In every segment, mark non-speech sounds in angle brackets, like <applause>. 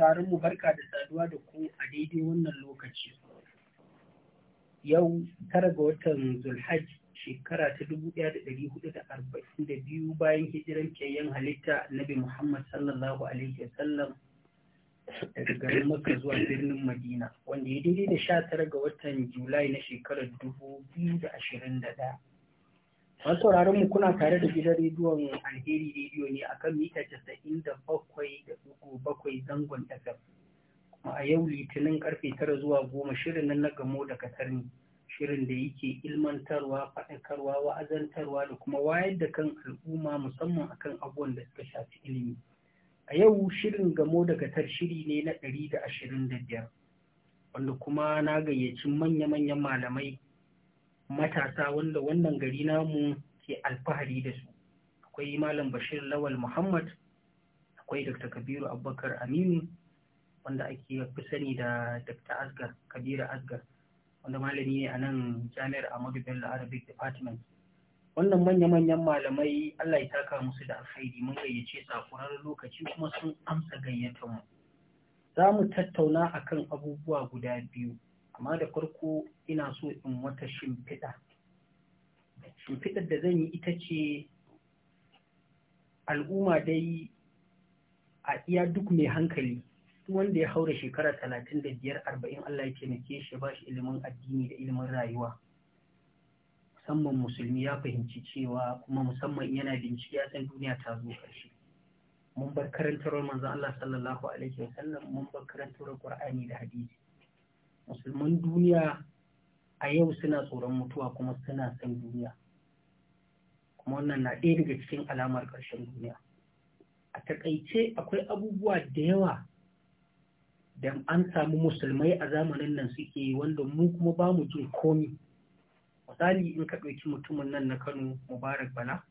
sauraron mu barka da saduwa da ku a daidai wannan lokaci. Yau tara ga watan Zulhaj shekara ta dubu ɗaya da ɗari hudu da arba'in da biyu bayan hijiran kyayen halitta Nabi Muhammad sallallahu alaihi wasallam daga garin Makka zuwa birnin Madina wanda ya daidai da sha tara ga watan Julai na shekarar dubu biyu da ashirin da ɗaya. An sauraron mu kuna tare da gidan rediyon alheri rediyo ne akan mita casa'in da bakwai da bakwai zangon daga Kuma a yau litinin karfe tara zuwa goma shirin nan na gamo da katarni. Shirin da yake ilmantarwa, faɗakarwa, wa'azantarwa da kuma wayar da kan al'umma musamman akan abubuwan da suka shafi ilimi. A yau shirin gamo da katar shiri ne na ɗari da ashirin da biyar. Wanda kuma na gayyaci manya-manyan malamai matasa wanda wannan gari namu ke alfahari da su akwai malam bashir lawal muhammad akwai dr kabiru abubakar aminu wanda ake fi sani da dr asgar kabiru asgar wanda malami ne a nan jami'ar amadu bello arabic department wannan manya-manyan malamai allah ya taka musu da alkhairi mun gayyace sakurar lokaci kuma sun amsa gayyatar mu za mu tattauna akan abubuwa guda biyu amma da farko ina so in wata shimfiɗa shimfiɗar da zan yi ita ce al'umma dai a iya duk mai hankali wanda ya haura shekara talatin da biyar arba'in Allah ya taimake shi ba shi ilimin addini da ilimin rayuwa musamman musulmi ya fahimci cewa kuma musamman yana bincike ya san duniya ta zo ƙarshe mun bar karantarwar manzon Allah sallallahu alaihi wasallam mun bar karantarwar Qur'ani da hadisi musulman duniya a yau suna tsoron mutuwa kuma suna san duniya kuma wannan na ɗaya daga cikin alamar ƙarshen duniya a taƙaice akwai abubuwa da yawa da an samu musulmai a zamanin nan suke wanda mu kuma ba mu jin komi misali in ka ɗauki mutumin nan na kano mubarak bala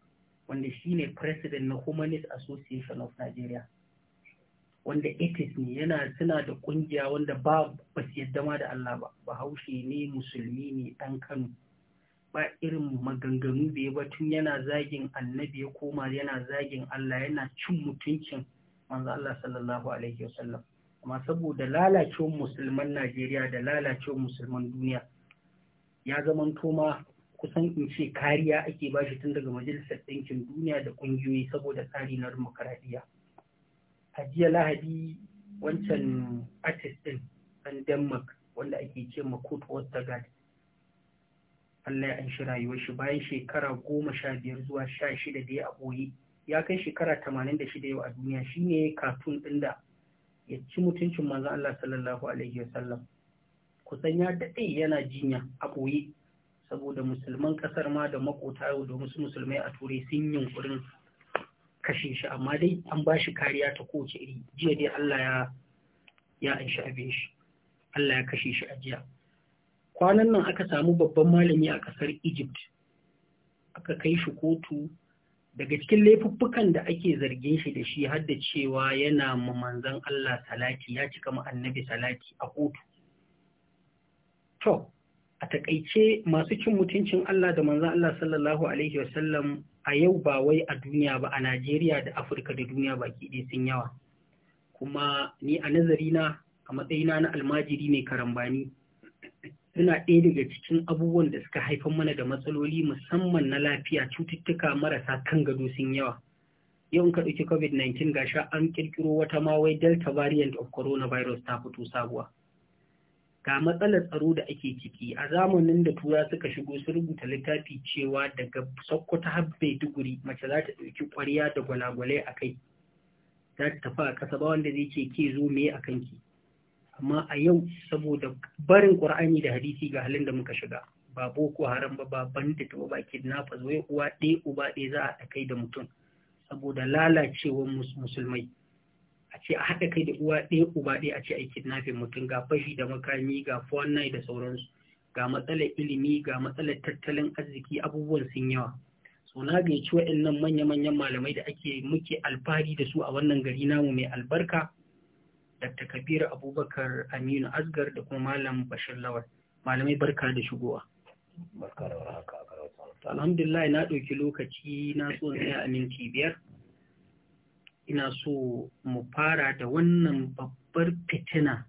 wanda shine president na humanist association of nigeria wanda atheist ne yana suna da kungiya wanda ba ba su yadda ma da Allah ba bahaushe ne musulmi ne dan Kano ba irin maganganu da ya tun yana zagin annabi ya koma yana zagin Allah yana cin mutuncin manzo Allah sallallahu alaihi wasallam amma saboda lalacewar musulman Najeriya da lalacewar musulman duniya ya zaman ma kusan in ce kariya ake bashi tun daga majalisar ɗinkin duniya da ƙungiyoyi saboda tsari na dimokuraɗiyya. a jiya lahadi wancan artist din dan denmark wanda ake ce ma kurt ostergaard allah ya an shi rayuwar shi bayan shekara goma sha biyar zuwa sha shida da ya a ɓoye ya kai shekara tamanin da shida yau a duniya shine katun ɗin da ya ci mutuncin manzon allah sallallahu alaihi wasallam kusan ya daɗe yana jinya a saboda musulman ƙasar ma da makota yau da wasu musulmai a turai sun yunkurin kashe shi amma dai an ba shi kariya ta kowace iri jiya dai Allah ya ya shi abin shi Allah ya kashe shi a jiya kwanan nan aka samu babban malami a kasar Egypt aka kai shi kotu daga cikin laifuffukan da ake zargin shi da shi har da cewa yana ma manzon Allah salati ya cika ma annabi salati a kotu to takaice masu cin mutuncin Allah da manzon Allah sallallahu Alaihi wasallam a yau ba wai a duniya ba a Najeriya da Afirka da duniya baki ɗaya sun yawa. Kuma ni a nazari na a matsayina na almajiri mai karambani suna ɗaya daga cikin abubuwan da suka haifar mana da matsaloli musamman na lafiya cututtuka marasa kan gado sun yawa. Yau in ka ɗauki COVID-19 ga sha an ƙirƙiro wata ma wai Delta variant of coronavirus ta fito sabuwa. ga matsalar tsaro da ake ciki a zamanin da tura suka shigo su rubuta littafi cewa daga sokoto har duguri mace za ta ɗauki ƙwarya da gwalagwale a kai za ta tafi a ƙasa ba wanda zai ce ke zo me a kanki amma a yau saboda barin ƙur'ani da hadisi ga halin da muka shiga ba boko haram ba ba banda ta ba kidnappers wai uwa ɗaya uba ɗaya za a kai da mutum saboda lalacewar musulmai a ce a haɗa kai da uwa ɗaya uba ɗaya a ce a yi kidnafin mutum ga fashi da makami ga fonai da sauransu ga matsalar ilimi ga matsalar tattalin arziki abubuwan sun yawa so na gaici waɗannan manya-manyan malamai da ake muke alfahari da su a wannan gari namu mai albarka dr kabiru abubakar aminu asgar da kuma malam bashir lawal malamai barka da shigowa alhamdulillah na ɗauki lokaci na so na a minti biyar ina so mu fara da wannan babbar fitina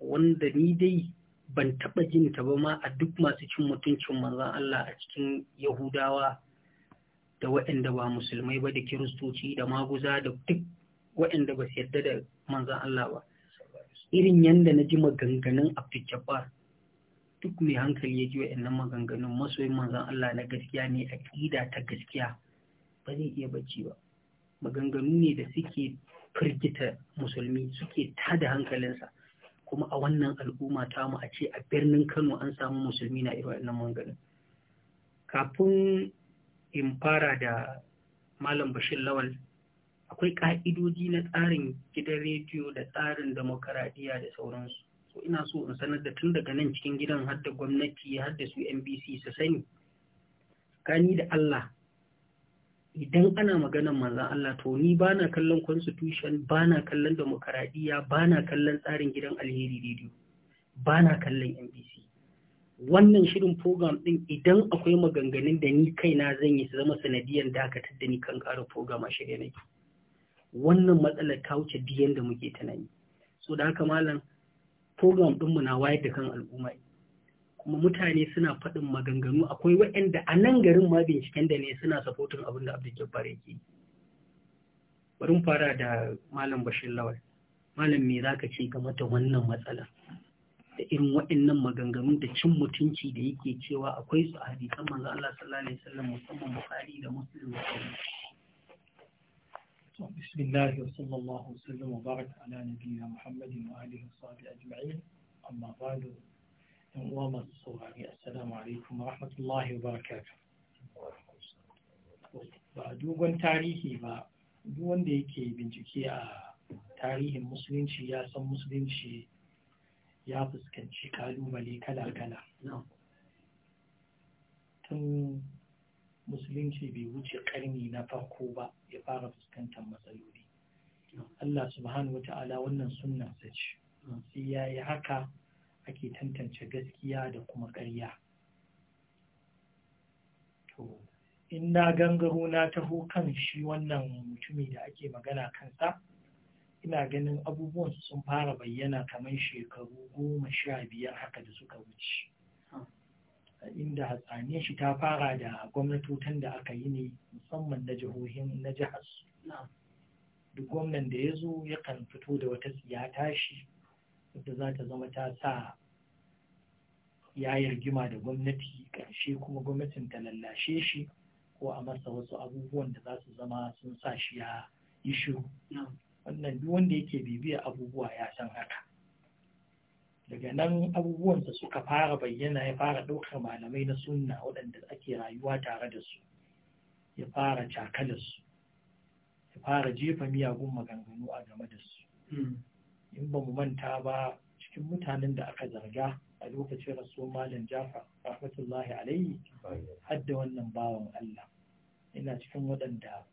wanda ni dai ban taɓa jin ta ba ma a duk masu cin mutuncin manzan Allah a cikin Yahudawa da waɗanda ba musulmai ba da kiristoci da maguza da duk waɗanda ba su yarda da manzan Allah ba. Irin yadda na ji maganganun Abdul duk mai hankali ya ji waɗannan maganganun masoyin manzan Allah na gaskiya ne a ƙida ta gaskiya ba zai iya bacci ba. maganganu ne da suke firgita musulmi suke tada hankalinsa kuma a wannan al'umma ta mu a ce a birnin Kano an samu musulmi na irin wannan maganganun kafin in fara da malam Bashir Lawal akwai ka'idoji na tsarin gidan rediyo da tsarin demokaradiyya da sauransu so ina so in sanar da tun daga nan cikin gidan har da gwamnati har da su NBC su sani Gani da Allah idan ana magana manzan Allah to ni ba na kallon constitution ba na kallon demokaradiyya ba na kallon tsarin gidan alheri rediyo ba na kallon NBC wannan shirin program ɗin, idan akwai maganganun da ni kaina zan yi su zama sanadiyar dakatar da ni kan ƙara program a shirya nake wannan matsalar ta wuce diyan da muke tunani so da haka malam program ɗinmu na wayar da kan al'umma kuma mutane suna faɗin maganganu akwai waɗanda a nan garin ma binciken da ne suna sapotin abin da abdul jabbar yake bari fara da malam bashir lawal malam me za ka ce game da wannan matsalar da irin waɗannan maganganun da cin mutunci da yake cewa akwai su a hadisan manzo Allah sallallahu alaihi wasallam musamman Bukhari da Muslim da sauran bismillah wa sallallahu wa sallam wa baraka ala nabiyyina Muhammadin wa alihi wa sahbihi ajma'in amma ba'du uwa masu saurari assalamu alaikum rahmatullahi wa barakatuh ba dogon tarihi ba duk wanda yake bincike a tarihin musulunci ya san musulunci ya fuskanci kalubale kala-kala tun musulunci bai wuce karni na farko ba ya fara fuskantar matsaloli Allah subhanahu wa ta'ala wannan sunan ce sai ya yi haka ake tantance gaskiya da kuma ƙarya to in na gangaro na taho kan shi wannan mutumi da ake magana kansa ina ganin abubuwan sun fara bayyana kamar shekaru goma sha biyar haka da suka wuce ah. inda hatsaniyar shi ta fara da gwamnatotan da aka yi ne musamman na jihohin na jihar su ah. duk gwamnan da ya zo yakan fito da wata siyata shi. wadda za ta zama ta sa ya yi da gwamnati ƙarshe kuma gwamnatin ta lallashe shi ko a masa wasu abubuwan da za su zama sun sa shi ya yi shiru wannan duk wanda yake bibiya abubuwa ya san haka daga nan abubuwansa suka fara bayyana ya fara ɗaukar malamai na sunna waɗanda ake rayuwa tare da su ya fara cakalarsu ya fara jefa miyagun maganganu a game da su hmm. in ba mu manta ba cikin mutanen da aka zarga a lokacin rasuwar malam jafa rahmatullahi alaihi hadda wannan bawan Allah ina cikin waɗanda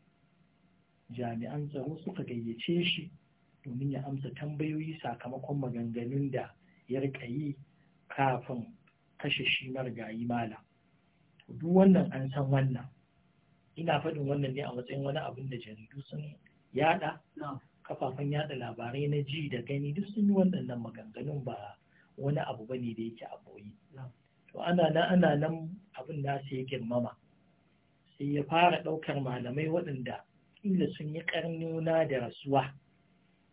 jami'an tsaro suka gayyace shi domin ya amsa tambayoyi sakamakon maganganun da ya rika yi kafin kashe shi marigayi mala duk wannan an san wannan ina faɗin wannan ne a matsayin wani abin da jaridu sun yada kafafen yada labarai na ji da gani duk sun yi waɗannan maganganun ba wani abu bane da yake a boye to ana nan ana nan abin da sai ya girmama sai ya fara ɗaukar malamai waɗanda kila sun yi ƙarnuna da rasuwa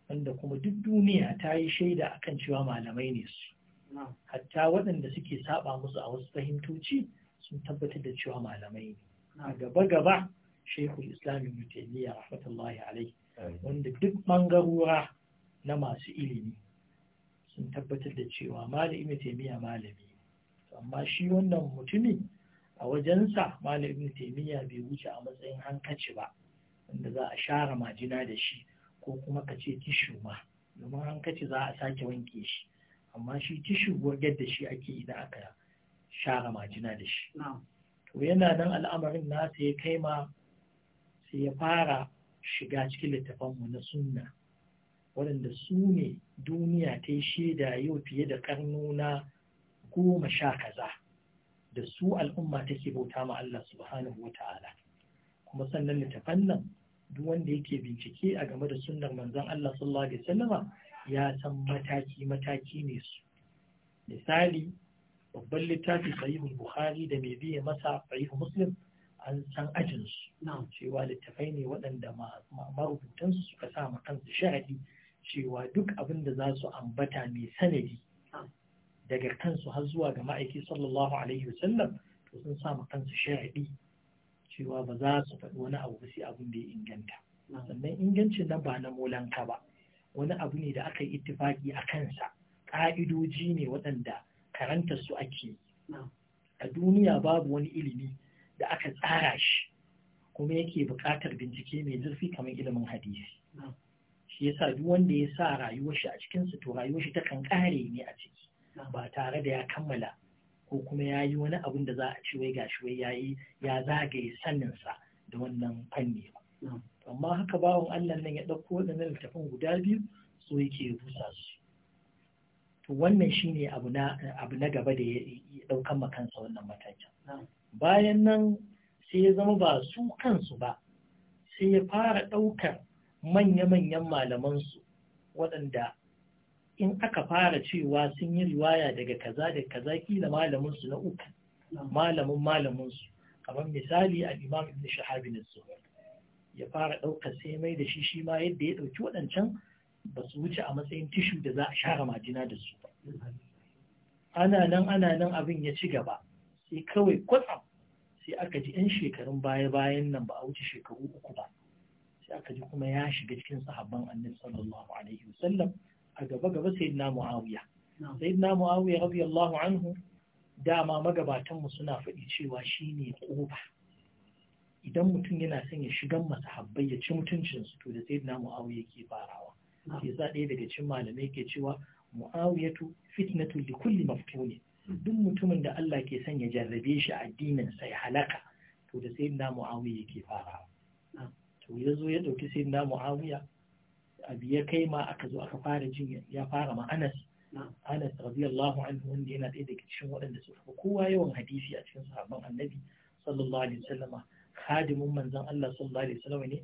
wanda kuma duk duniya ta yi shaida akan cewa malamai ne su hatta waɗanda suke saba musu a wasu fahimtoci sun tabbatar da cewa malamai ne a gaba gaba shaikhul islam ibn taymiya rahmatullahi alaihi wanda duk bangarora na masu ilimi sun tabbatar da cewa malami taimiyya malami amma shi wannan mutumin a wajensa malamin taimiyya bai wuce a matsayin hankaci ba wanda za a share majina da shi ko kuma ka ce tishu ma domin hankaci za a sake wanke shi amma shi tishu wajen da shi ake idan aka share majina da shi to yana nan al'amarin nasa ya kai ma sai ya fara shiga cikin littafanmu na sunna waɗanda su ne duniya ta yi shaida yau fiye da karnuna goma sha kaza da su al'umma take bauta ma Allah subhanahu wa ta'ala kuma sannan littafan nan duk wanda yake bincike a game da sunnar manzon Allah sallallahu alaihi wasallama ya san mataki mataki ne su misali babban littafi sahihul bukhari da mai biye masa sahihul muslim an san ajinsu cewa littafai ne waɗanda marubutansu suka sa kansu sha'adi cewa duk abin da za su ambata mai sanadi daga kansu har zuwa ga ma'aiki sallallahu alaihi wasallam to sun sa kansu sha'adi cewa ba za su faɗi wani abu sai abin da ya inganta sannan ingancin nan ba na molanka ba wani abu ne da aka yi ittifaki a kansa ƙa'idoji ne waɗanda karanta su ake a duniya babu wani ilimi da aka tsara shi kuma yake buƙatar bincike mai zurfi kamar ilimin hadisi shi yasa duk wanda ya sa rayuwar shi a cikin su to rayuwar shi takan ƙare ne a ciki ba tare da ya kammala ko kuma ya yi wani abun da za a ci wai gashi wai yayi ya zagaye sanin sa da wannan fanni ba amma haka bawon Allah nan ya ɗauko nan littafin guda biyu so yake rusa su to wannan shine abu na abu na gaba da ya ɗaukan makansa wannan matakin bayan nan sai ya zama ba su kansu ba sai ya fara ɗaukar manya-manyan malamansu waɗanda in aka fara cewa sun yi riwaya daga kaza da kaza kila malaminsu na uku malamin malaminsu kamar misali a imam ibn shahabi na ya fara ɗaukar sai mai da shi shi ma yadda ya ɗauki waɗancan ba su wuce a matsayin tishu da za a share majina da su ana nan ana nan abin ya ci gaba sai kawai kwatsam sai aka ji 'yan shekarun baya-bayan nan ba a wuce shekaru uku ba sai aka ji kuma ya shiga cikin sahabban annabi sallallahu alaihi wasallam a gaba-gaba sayyidina muawiya sayyidina muawiya radiyallahu anhu dama magabatan mu suna faɗi cewa shine kofa idan mutum yana son ya shigan masahabbai ya ci mutuncin su to da sayyidina muawiya ke farawa sai sa ɗaya daga cikin malamai ke cewa muawiyatu fitnatu likulli kulli maftuni duk mutumin da Allah ke son ya jarrabe shi addinin sai halaka to da sayyidina Muawiya yake fara to ya zo ya dauki na Muawiya abu ya kai ma aka zo aka fara jin ya fara ma Anas Anas radiyallahu anhu wanda yana ɗaya daga cikin waɗanda suka fi kowa yawan hadisi a cikin sahabban Annabi sallallahu alaihi wasallama khadimin manzon Allah sallallahu alaihi wasallama ne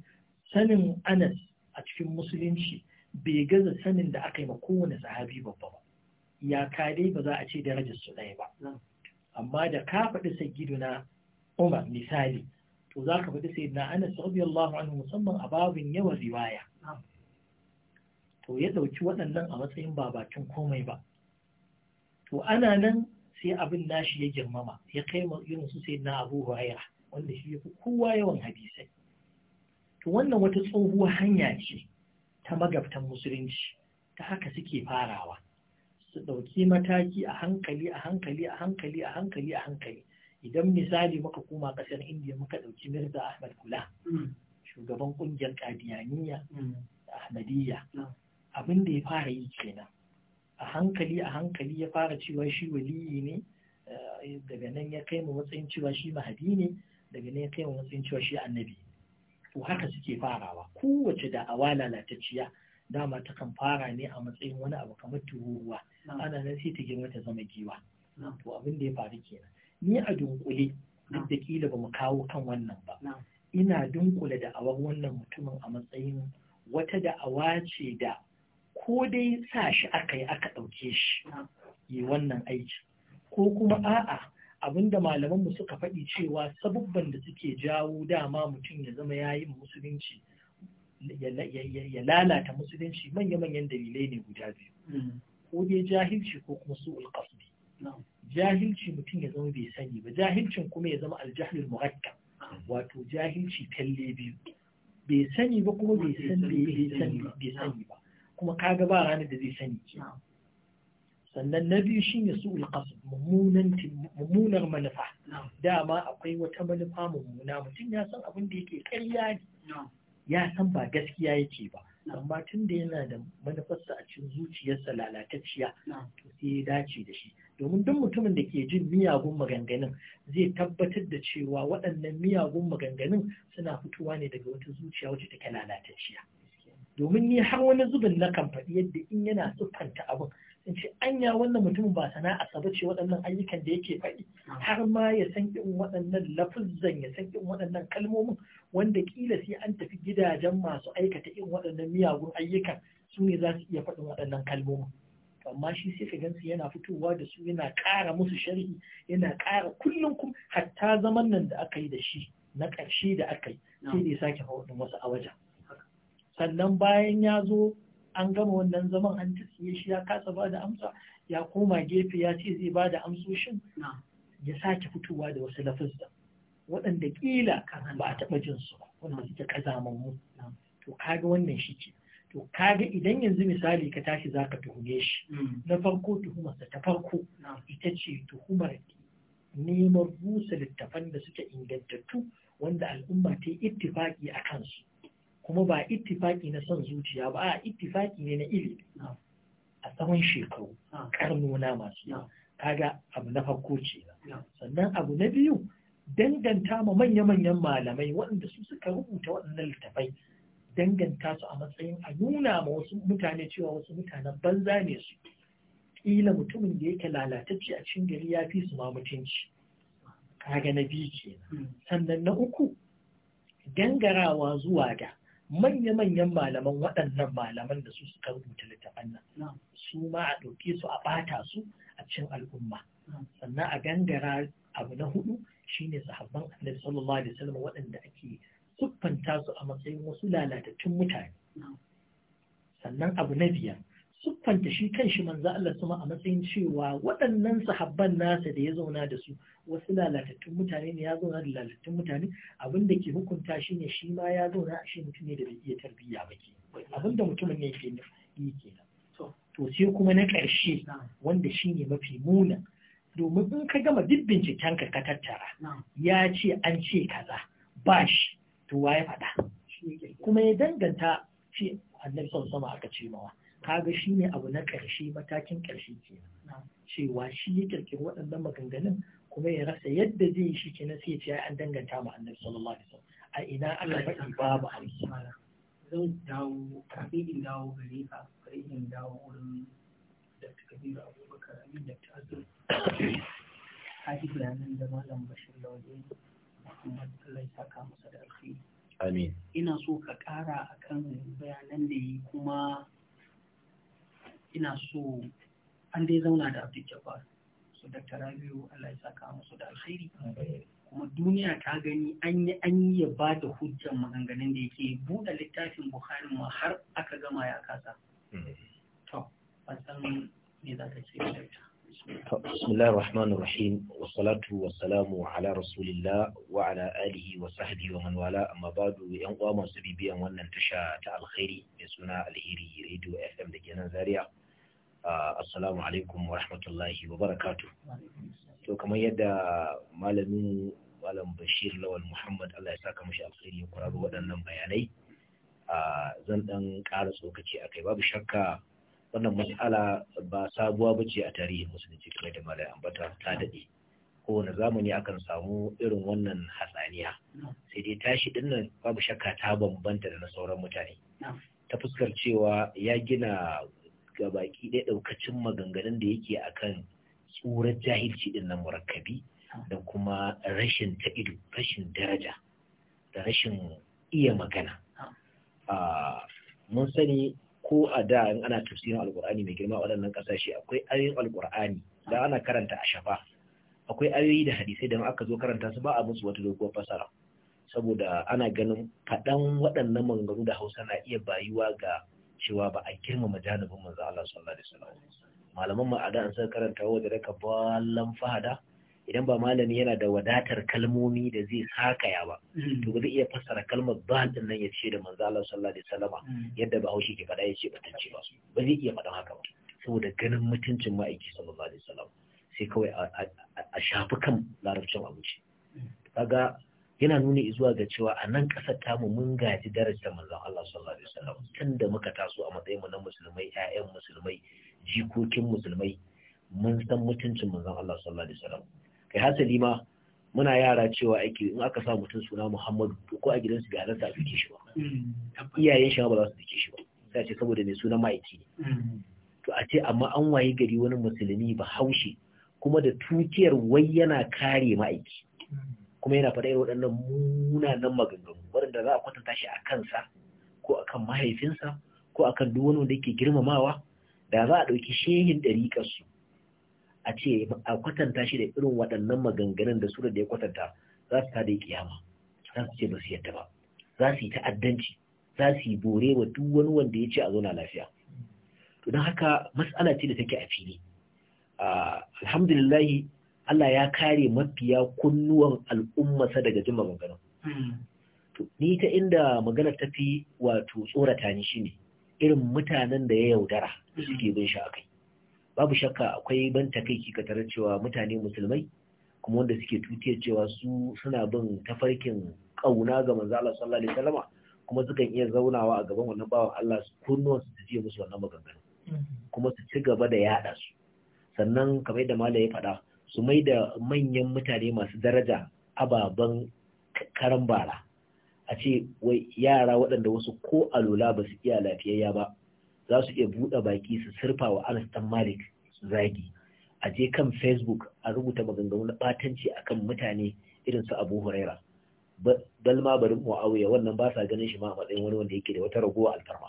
sanin Anas a cikin musulunci bai gaza sanin da aka yi ma kowane sahabi babba ba Ya dai ba za a ce darajar su ɗaya ba amma da ka faɗi na, Umar misali to za ka faɗi sayyidina Anas radiyallahu anhu musamman a babin yawan riwaya to ya ɗauki waɗannan a matsayin babatun komai ba to ana nan sai abin nashi ya girmama ya kai irin su sai na abu huraira wanda shi ya fi kowa yawan hadisai to wannan wata tsohuwar hanya ce ta magabtan musulunci ta haka suke farawa su ɗauki mataki a hankali a hankali a hankali a hankali a hankali idan misali muka koma ƙasar indiya muka ɗauki mirza ahmad kula mm. shugaban ƙungiyar kadiyaniya mm. ahmadiyya abin da ya fara yi kenan a hankali a hankali ya fara cewa shi waliyi ne eh, daga nan ya kai mu matsayin cewa shi mahadi ne daga nan ya kai mu matsayin cewa shi annabi to haka suke farawa kowace da'awa lalatacciya dama takan fara ne a matsayin wani abu kamar tururuwa ana nan sai ta girma ta zama giwa to abin da ya faru kenan ni a dunkule duk da kila ba mu kawo kan wannan ba ina dunkule da awar wannan mutumin a matsayin wata da'awa ce da ko dai sa shi aka yi aka ɗauke shi yi wannan aiki ko kuma a'a abinda malamanmu suka faɗi cewa sabubban da suke jawo dama mutum ya zama ya yi musulunci ya lalata musulunci manya-manyan dalilai ne guda biyu hmm. ko dai jahilci ko kuma su qasdi jahilci mutum ya zama bai sani ba jahilcin kuma ya zama aljahlul murakkab wato jahilci talle biyu bai sani ba kuma bai san bai sani ba kuma kaga ba ranar da zai sani ke sannan na biyu shine su'ul qasd mummunar manufa dama akwai wata manufa mummuna mutum ya san abin da yake karya ya san ba gaskiya yake ba amma tun da yana da manufarsa a cikin zuciyarsa lalatacciya to sai ya dace da shi domin duk mutumin da ke jin miyagun maganganun zai tabbatar da cewa waɗannan miyagun maganganun suna fitowa ne daga wata zuciya wacce take lalatacciya domin ni har wani zubin na kan faɗi yadda in yana siffanta abin in ce anya wannan mutum ba sana'a ba ce waɗannan ayyukan da yake faɗi har ma ya san irin waɗannan lafuzzan ya san irin waɗannan kalmomin wanda kila sai an tafi gidajen masu aikata irin waɗannan miyagun ayyukan su ne za su iya faɗin waɗannan kalmomin amma shi sai ka gansu yana fitowa da su yana ƙara musu sharhi yana ƙara kullum kum hatta zaman nan da aka yi da shi na ƙarshe da aka yi sai da sake faɗin wasu a wajen sannan bayan ya zo an gama wannan zaman an tasiye shi ya kasa ba da amsa ya koma gefe ya ce zai ba da amsoshin ya sake fitowa da wasu lafazza waɗanda ƙila ba a taɓa jin su wanda suke to kaga wannan shi ke to kaga idan yanzu misali ka tashi zaka tuhume shi mm. na farko tuhumarsa ta farko ita ce tuhumar neman busa littafan da suke ingantattu wanda al'umma ta yi ittifaki a kansu kuma ba ittifaki na son zuciya ba a ittifaki ne na ilimi a tsawon shekaru karnona masu kaga abu na farko ce sannan abu na biyu danganta ma manya-manyan malamai waɗanda su suka rubuta waɗannan littafai danganta su a matsayin a nuna ma wasu mutane cewa wasu mutanen banza ne su ƙila mutumin da yake lalatacce a cikin gari ya fi su ma mutunci kaga na biyu kenan hmm. sannan na uku gangarawa zuwa da manya-manyan malaman waɗannan malaman da su suka rubuta littafan nan su ma a ɗauke su a ɓata su a cikin al'umma sannan a gangara abu na hudu shine sahabban annabi sallallahu alaihi wasallam waɗanda ake siffanta su a matsayin wasu lalatattun mutane sannan abu na biyar siffanta shi kan shi manzo Allah sama a matsayin cewa waɗannan sahabban nasa da ya zauna da su wasu lalatattun mutane ne ya zauna da lalatattun mutane abin da ke hukunta shi ne shi ma ya zauna a shi mutum ne da bai iya tarbiyya ba ke abin da mutumin ne ke yi kenan to sai kuma na ƙarshe wanda shi ne mafi muna domin in ka gama duk binciken ka ka tattara ya ce an ce kaza ba shi to ya faɗa kuma ya danganta ce. annabi sallallahu alaihi wasallam aka ce mawa kaga shi ne abu na ƙarshe matakin ƙarshe ke cewa shi ya kirkiri waɗannan maganganun kuma ya rasa yadda zai yi shi ke sai ya ce an danganta ma annabi sallallahu alaihi wasallam a ina Allah faɗi babu aiki zan dawo kafin in dawo gare ka kai in dawo wurin da da abubakar amin da ta zo kaji bayanan da malam bashir lauje muhammad allah ya saka masa da alkhairi amin ina so ka ƙara akan bayanan da yi kuma ina so an dai zauna da abdul jabbar su da rabiu allah ya saka musu da alkhairi kuma duniya ta gani an yi an yi ya ba da hujjan maganganun da yake buɗe littafin bukhari ma har aka gama ya kasa to san me za ka ce da ita بسم الله الرحمن الرحيم والصلاة والسلام على رسول الله وعلى آله وصحبه ومن والاه أما بعد ينقوى ما سبي بيان وانا الخيري suna alheri radio fm da kenan zaria assalamu alaikum wa rahmatullahi wa barakatu to kamar yadda malamin malam bashir lawal muhammad allah ya saka mashi alkhairi ya kwararo waɗannan bayanai zan ɗan ƙara tsokaci a kai babu shakka wannan matsala ba sabuwa ba ce a tarihin musulunci kamar da malai ambata ta daɗe kowane zamani akan samu irin wannan hatsaniya sai dai tashi ɗin babu shakka ta bambanta da na sauran mutane ta fuskar cewa ya gina ga baki ɗaya ɗaukacin maganganun da yake akan tsoron jahilci ɗin na murakkabi da kuma rashin ta ido rashin daraja da rashin iya magana ah. Ah, mun sani ko a da in ana tafsirin alkur'ani mai girma waɗannan ƙasashe akwai ayoyin alkur'ani da ana karanta a shafa akwai ayoyi da hadisai da aka zo karanta su ba a musu wata doguwar fasara saboda ana ganin faɗan waɗannan maganganu da hausa na iya bayuwa ga cewa ba a girmama janibin manzo Allah sallallahu alaihi wasallam malaman ma a da an san karanta wa da raka ballan fahada idan ba malami yana da wadatar kalmomi da zai ya ba mm. to ba zai iya fassara kalmar bal din nan ya ce da manzo Allah sallallahu alaihi wasallam mm. yadda Bahaushe ke faɗa ya ce ba ce ba ba zai iya faɗan haka ba saboda ganin mutuncin ma'aiki sallallahu alaihi wasallam sai kawai a shafi kan larabcin abinci mm. kaga yana nuna zuwa ga cewa a nan ƙasar tamu mun gaji darajar manzon Allah sallallahu alaihi wasallam tun da muka taso a matsayin mu na musulmai ƴaƴan musulmai jikokin musulmai mun san mutuncin manzon Allah sallallahu alaihi wasallam kai hasali ma muna yara cewa ake in aka sa mutum suna Muhammadu to ko a gidansu bai halarta a fike shi ba iyayen shi ba za su fike shi ba sai ce saboda mai suna ma'aiki ne to a ce amma an waye gari wani musulmi ba haushe kuma da tukiyar wai yana kare ma'aiki kuma yana faɗa irin waɗannan munanan maganganu waɗanda za a kwatanta shi a kansa ko a kan mahaifinsa ko a duk wani wanda yake girmamawa da za a ɗauki shehin ɗariƙarsu a ce a kwatanta shi da irin waɗannan maganganun da surar da ya kwatanta za su tada kiyama za su ce ba su yadda ba za su yi ta'addanci za su yi bore wa duk wani wanda ya ce a zauna lafiya to don haka matsala ce da take a fili ah, alhamdulillah Allah ya kare mafiya kunnuwan al'ummarsa daga jima maganganun. Hmm. ni ta inda magana ta fi wato tsorata ni shi ne, irin mutanen da ya yaudara hmm. suke bin shi akai. Babu shakka akwai ban takaici ka tarar cewa mutane musulmai kuma wanda suke tutiya cewa su suna bin tafarkin ƙauna ga manzo Allah sallallahu alaihi kuma sukan iya zaunawa a gaban wannan bawan Allah kunnuwan su je musu wannan maganganu hmm. kuma su ci gaba da yada su sannan kamar yadda malam ya faɗa su mai da manyan mutane masu daraja ababen karan bara a ce wai yara waɗanda wasu ko alola ba su iya lafiyayya ba za su iya buɗe baki su surfa wa anas dan malik su zagi a je kan facebook a rubuta maganganu na ɓatanci kan mutane irin su abu huraira balma ma barin mu'awiya wannan ba sa ganin shi ma a matsayin wani wanda yake da wata ragowa alfarma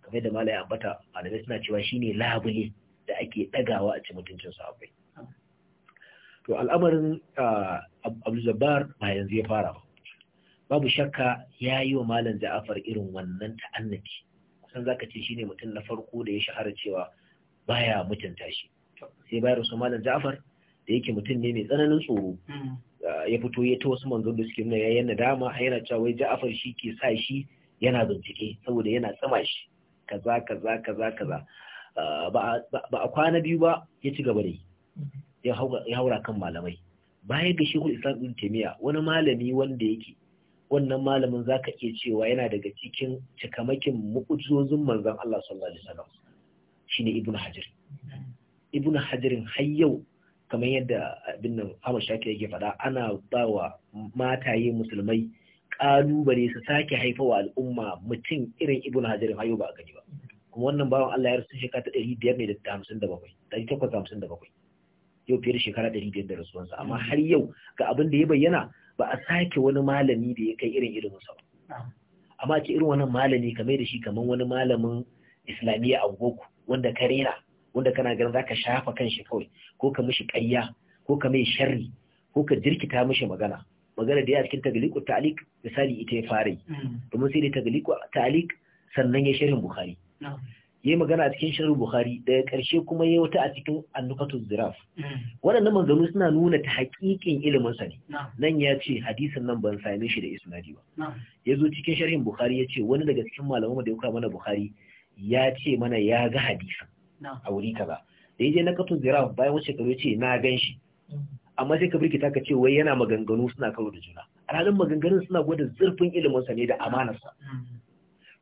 kamar da malaya ambata malamai suna cewa shine labule da ake ɗagawa a ci mutuncin sahabbai to al'amarin ah, abdulzabbar ba yanzu ya fara ba. babu shakka ya yi wa malam ja'afar irin wannan ta'annaci kusan za zaka ce shine mutum na farko da ya shahara cewa baya mutunta shi sai bayar su malam ja'afar da yake mutum ne mai tsananin tsoro mm. ah, ya fito ya ta wasu manzon da suke nuna yayin nadama yana cewa wai ja'afar shi ke sa shi yana bincike saboda yana tsama shi kaza kaza kaza kaza ah, ba a kwana biyu ba ya ci gaba da yi mm-hmm. ya haura kan malamai baya ga shekul islam ibn taimiyya wani malami wanda yake wannan malamin zaka iya cewa yana daga cikin cikamakin mu'ujizozin manzon Allah sallallahu alaihi wasallam shine ibn hajar ibn hajarin har yau kamar yadda abin nan fama Shakir yake faɗa ana bawa mataye musulmai kalubale su sake haifawa al'umma mutum irin ibn hajarin har yau ba a gani ba kuma wannan bawan Allah ya rasu shekara ta ɗari biyar ne da hamsin da bakwai ɗari takwas da hamsin da bakwai yau fiye da shekara ɗari biyar da rasuwansa amma mm. har yau ga abin da ya bayyana ba a sake wani malami da ya kai irin irin sa amma ce irin wannan malami kamar da shi kamar wani malamin islamiyya a goku wanda ka rena wanda kana ganin zaka shafa kan shi kawai ko ka mishi ƙarya ko ka mai sharri ko ka jirkita mishi magana magana da ya cikin tagliku ta'alik misali ita ya fara yi mm. domin sai da tagliku ta'alik sannan ya sharhin bukhari yayi magana a cikin sharh bukhari daga karshe kuma yayi wata a cikin annukatu ziraf mm. waɗannan maganganu suna nuna ta haƙiƙin ilimin sa ne nan ya ce hadisin nan ban same shi da isnadi ba zo cikin sharhin bukhari ya ce wani daga cikin malaman da ya kawo mana bukhari ya ce mana ya ga hadisin a wuri kaza da yaje na katun ziraf bayan wace karo ce na gan shi mm. amma sai ka birkita ka ce wai yana maganganu suna kawo da juna alhalin maganganun suna gwada zurfin ilimin sa ne da amanar sa mm.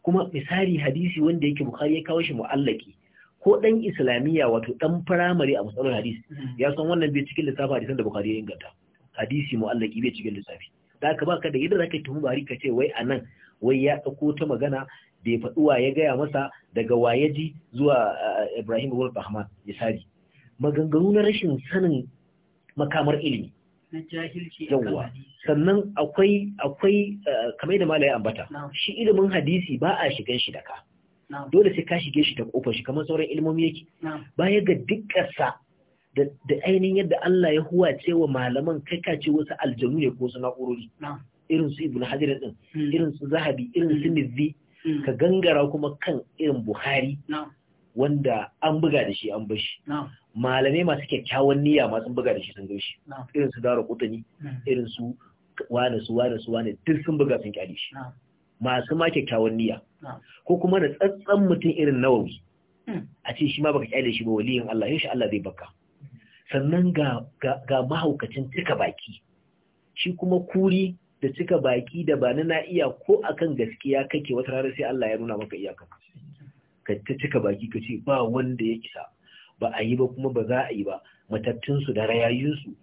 kuma misali hadisi wanda yake bukari ya kawo shi mu'allaki ko dan islamiyya wato dan firamare a matsalar hadisi ya san wannan bai cikin lissafi hadisan da bukari ya inganta hadisi mu'allaki bai cikin lissafi da ka baka da yadda zaka tuhu bari ka ce wai anan wai ya dauko ta magana bai faɗi wa ya gaya masa daga wayaji zuwa eh, Ibrahim Wolf rahman misali maganganu na rashin sanin makamar ilimi yawwa sannan akwai akwai eh, kamar da malaya ambata shi ilimin hadisi ba a shigan shi da ka dole sai ka shige shi da kofar shi kamar sauran ilmomi yake baya ga dukkansa da ainihin yadda Allah ya huwace wa malaman kai ka ce wasu aljanu ne ko wasu na'urori irin su ibn hajar din hmm. irin su zahabi irin su nizi hmm. hmm. ka gangara kuma kan irin buhari wanda an buga da shi an shi. malamai masu kyakkyawan niyya masu buga da shi sun gaishe irin su dara kutani hmm. irin su wane su wane su wane duk sun buga sun kyale shi masu ma kyakkyawan niyya ko kuma da tsantsan mutum irin nawawi hmm. a ce shi ma baka kyale shi ba waliyin Allah yin shi Allah zai baka hmm. sannan ga ga mahaukacin cika baki shi kuma kuri da cika baki da ba na iya ko akan gaskiya kake wata rana sai Allah ya nuna maka iyakar. ka ta cika baki ka ce ba wanda ya isa ba a yi ba kuma ba za a yi ba matattunsu da rayayyunsu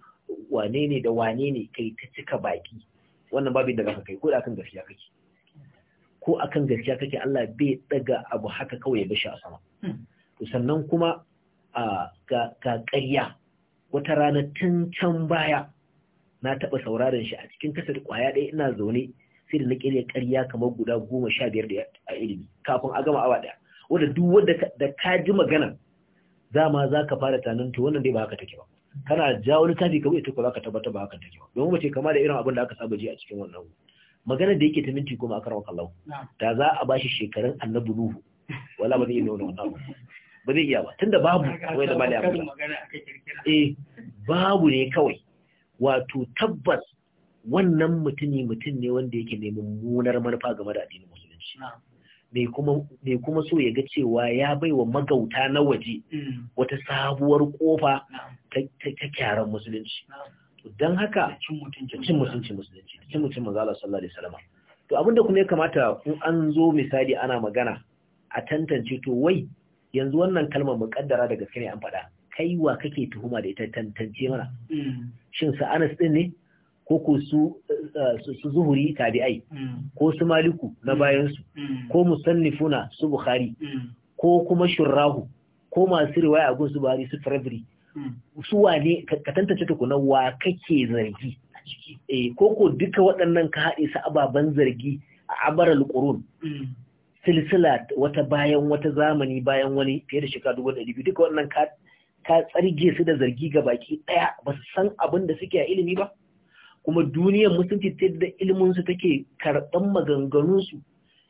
wane ne da wane ne kai ta cika baki wannan babin da zaka kai ko da akan gaskiya kake ko akan gaskiya kake Allah bai daga abu haka kawai ya bashi a sama hmm. to sannan kuma a ga ƙarya wata rana tun can baya na taɓa sauraron shi a cikin kasar kwaya ɗaya ina zaune sai da na ƙirya ƙarya kamar guda goma sha biyar da a ilimi kafin a gama awa ɗaya wanda duk wanda da ka ji magana dama za ka fara tunanin to wannan dai ba haka take ba kana ja wani tafi kawai ita ko za ka tabbata ba haka take ba domin mace kama da irin abin da aka saba ji a cikin wannan magana da yake ta minti kuma a karawa kallahu da za a bashi shekarun annabi nuhu wala ba zai yi nuna wannan ba zai iya ba tunda babu wai da mali abu eh babu ne kawai wato tabbas wannan mutumi mutum ne wanda yake neman munar manufa game da addinin musulunci bai kuma so ya ga cewa ya baiwa magauta na waje mm. wata sabuwar kofa ta kyaran musulunci don haka cin musulunci musulunci cin mutum mazala sallallahu alaihi salama. to abinda kuma ya kamata in an zo misali ana magana a tantance to wai yanzu wannan kalmar muƙaddara da gaske ne an faɗa kai wa kake tuhuma da ita tantance mana mm. shin Sa'anas ɗin ne ko ko su su zuhuri tabi'ai ko su maliku na mm. bayansu mm. ko musannifuna su bukhari mm. ko kuma shurrahu ko masu riwaya a su buhari su firabiri su wane ka tantance tukuna wa kake zargi eh ko ko duka waɗannan ka haɗe su ababen zargi a abaral qurun silsila wata bayan wata zamani bayan wani fiye da shekaru dubu duka waɗannan ka ka tsarge su da zargi ga baki ɗaya ba su san abin da suke a ilimi ba kuma duniyar musulunci ta da ilminsu take karɓan maganganunsu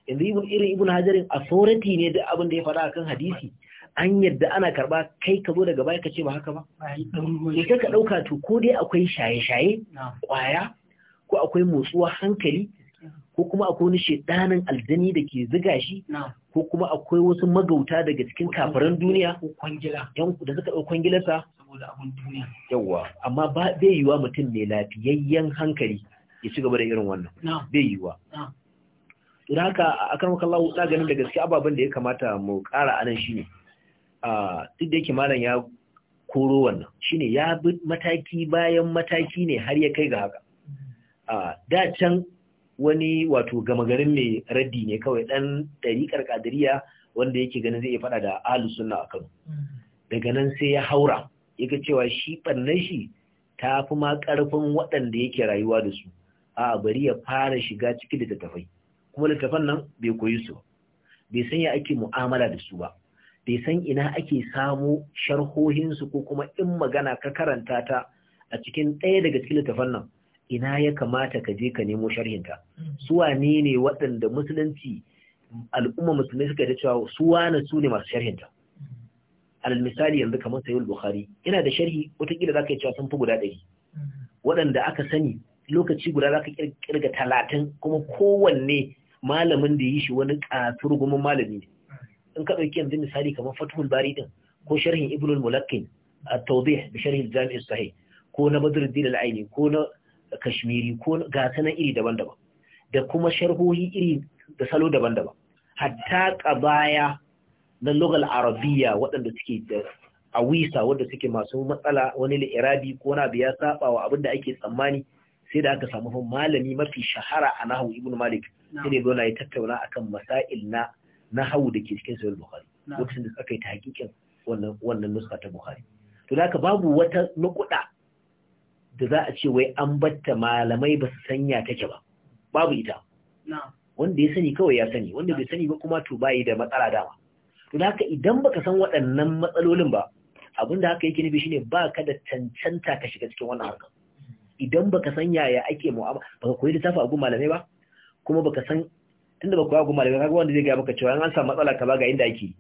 yanzu ibn irin ibn hajarin authority ne da abin da ya faɗa akan hadisi an yadda ana karɓa kai ka zo daga baya ka ce ba haka ba ya ka ɗauka to ko dai akwai shaye-shaye ƙwaya ko akwai motsuwa hankali ko kuma akwai wani shedanin aljani da ke ziga shi ko kuma akwai wasu magauta daga cikin kafiran duniya yan da suka ɗau kwangilarsa yawa amma ba bai yiwa mutum ne lafiyayyen hankali ya ci gaba da irin wannan bai yiwa don haka akan makallahu na ganin da gaske ababen da ya kamata mu ƙara anan shine duk da yake malam ya koro wannan shine ya bi mataki bayan mataki ne har ya kai ga haka da can wani wato gama garin mai raddi ne kawai dan ɗariƙar ƙadiriya wanda yake ganin zai iya faɗa da ahlus sunna a Kano daga nan sai ya haura yaga cewa shi bannan shi ta fi ma ƙarfin waɗanda yake rayuwa da su a bari ya fara shiga ciki littattafai kuma littattafan nan bai koyi su bai san ya ake mu'amala da su ba bai san ina ake samu sharhohinsu ko kuma in magana ka karanta ta a cikin ɗaya daga cikin littattafan nan ina ya kamata ka je ka nemo sharhinta mm. su wane ne waɗanda musulunci al'umma musulmi suka da cewa su wane su ne masu sharhinta mm. alal misali yanzu kamar sayul bukhari ina da sharhi watakila za ka yi cewa sun fi guda ɗari mm. waɗanda aka sani lokaci guda za ka kirga talatin kuma kowanne malamin da yi shi wani gumin malami ne in ka ɗauki yanzu misali kamar fatuhul bari ɗin ko sharhin ibnul mulakin a taubih da sharhin jami'in sahih ko na badruddin al'aini ko na kashmiri ko gata na iri daban-daban da kuma sharhohi iri da salo daban-daban hatta kabaya na lugal arabiya waɗanda suke da awisa wanda suke masu matsala wani irabi ko na biya saba wa abin ake tsammani sai da aka samu malami mafi shahara a Nahu ibn malik sai da zona ya tattauna akan masail na Nahu da ke cikin sahih bukhari lokacin da aka yi tahqiqin wannan wannan nuska ta bukhari to da babu wata nukuda da za a ce wai an batta malamai ba su sanya take ba babu ita wanda ya sani kawai ya sani wanda bai sani ba kuma to bayi da matsala dama to haka idan baka san waɗannan matsalolin ba abin da haka yake nufi shine ba ka da cancanta ka shiga cikin wannan harkar idan baka san yaya ake mu'amala baka koyi littafi a gun malamai ba kuma baka san inda baka koyi a gun malamai kaga wanda zai ga maka cewa an samu matsala ka ba ga inda ake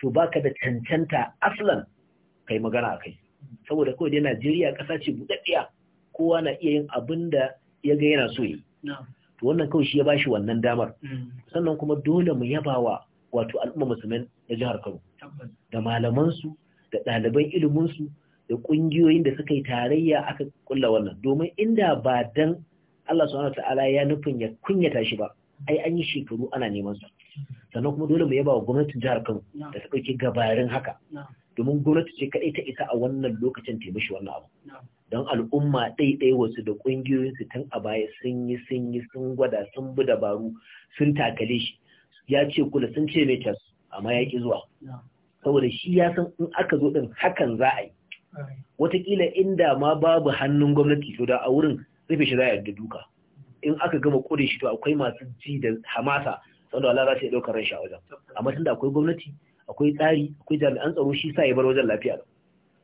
to baka da cancanta aslan kai magana akai saboda kawai dai Najeriya ƙasa ce buɗaɗɗiya kowa na iya yin abin da ya ga yana so yi to wannan kawai shi ya bashi wannan damar mm. sannan kuma dole mu yabawa wato al'umma musulmai na jihar Kano da malamansu da ɗaliban iliminsu da ƙungiyoyin da suka yi tarayya aka kulla wannan domin inda ba dan Allah subhanahu ta'ala ya nufin ya kunyata shi ba ai an yi shekaru ana neman su mm. sannan kuma dole mu yaba wa gwamnatin jihar Kano da ta ɗauki gabarin haka domin gwamnati ce kaɗai ta isa a wannan lokacin ta mishi wannan abu don al'umma ɗaiɗai wasu da ƙungiyoyinsu tun a baya sun yi sun yi sun gwada sun bi dabaru sun takale shi ya ce kula sun ce mai tas amma ya ƙi zuwa saboda shi ya san in aka zo ɗin hakan za a yi watakila inda ma babu hannun gwamnati to da a wurin rufe shi za a yarda duka in aka gama kore shi to akwai masu ji da hamasa saboda Allah za su iya ɗaukar ran a wajen amma tunda akwai gwamnati akwai tsari akwai jami'an tsaro shi sa ya bar wajen lafiya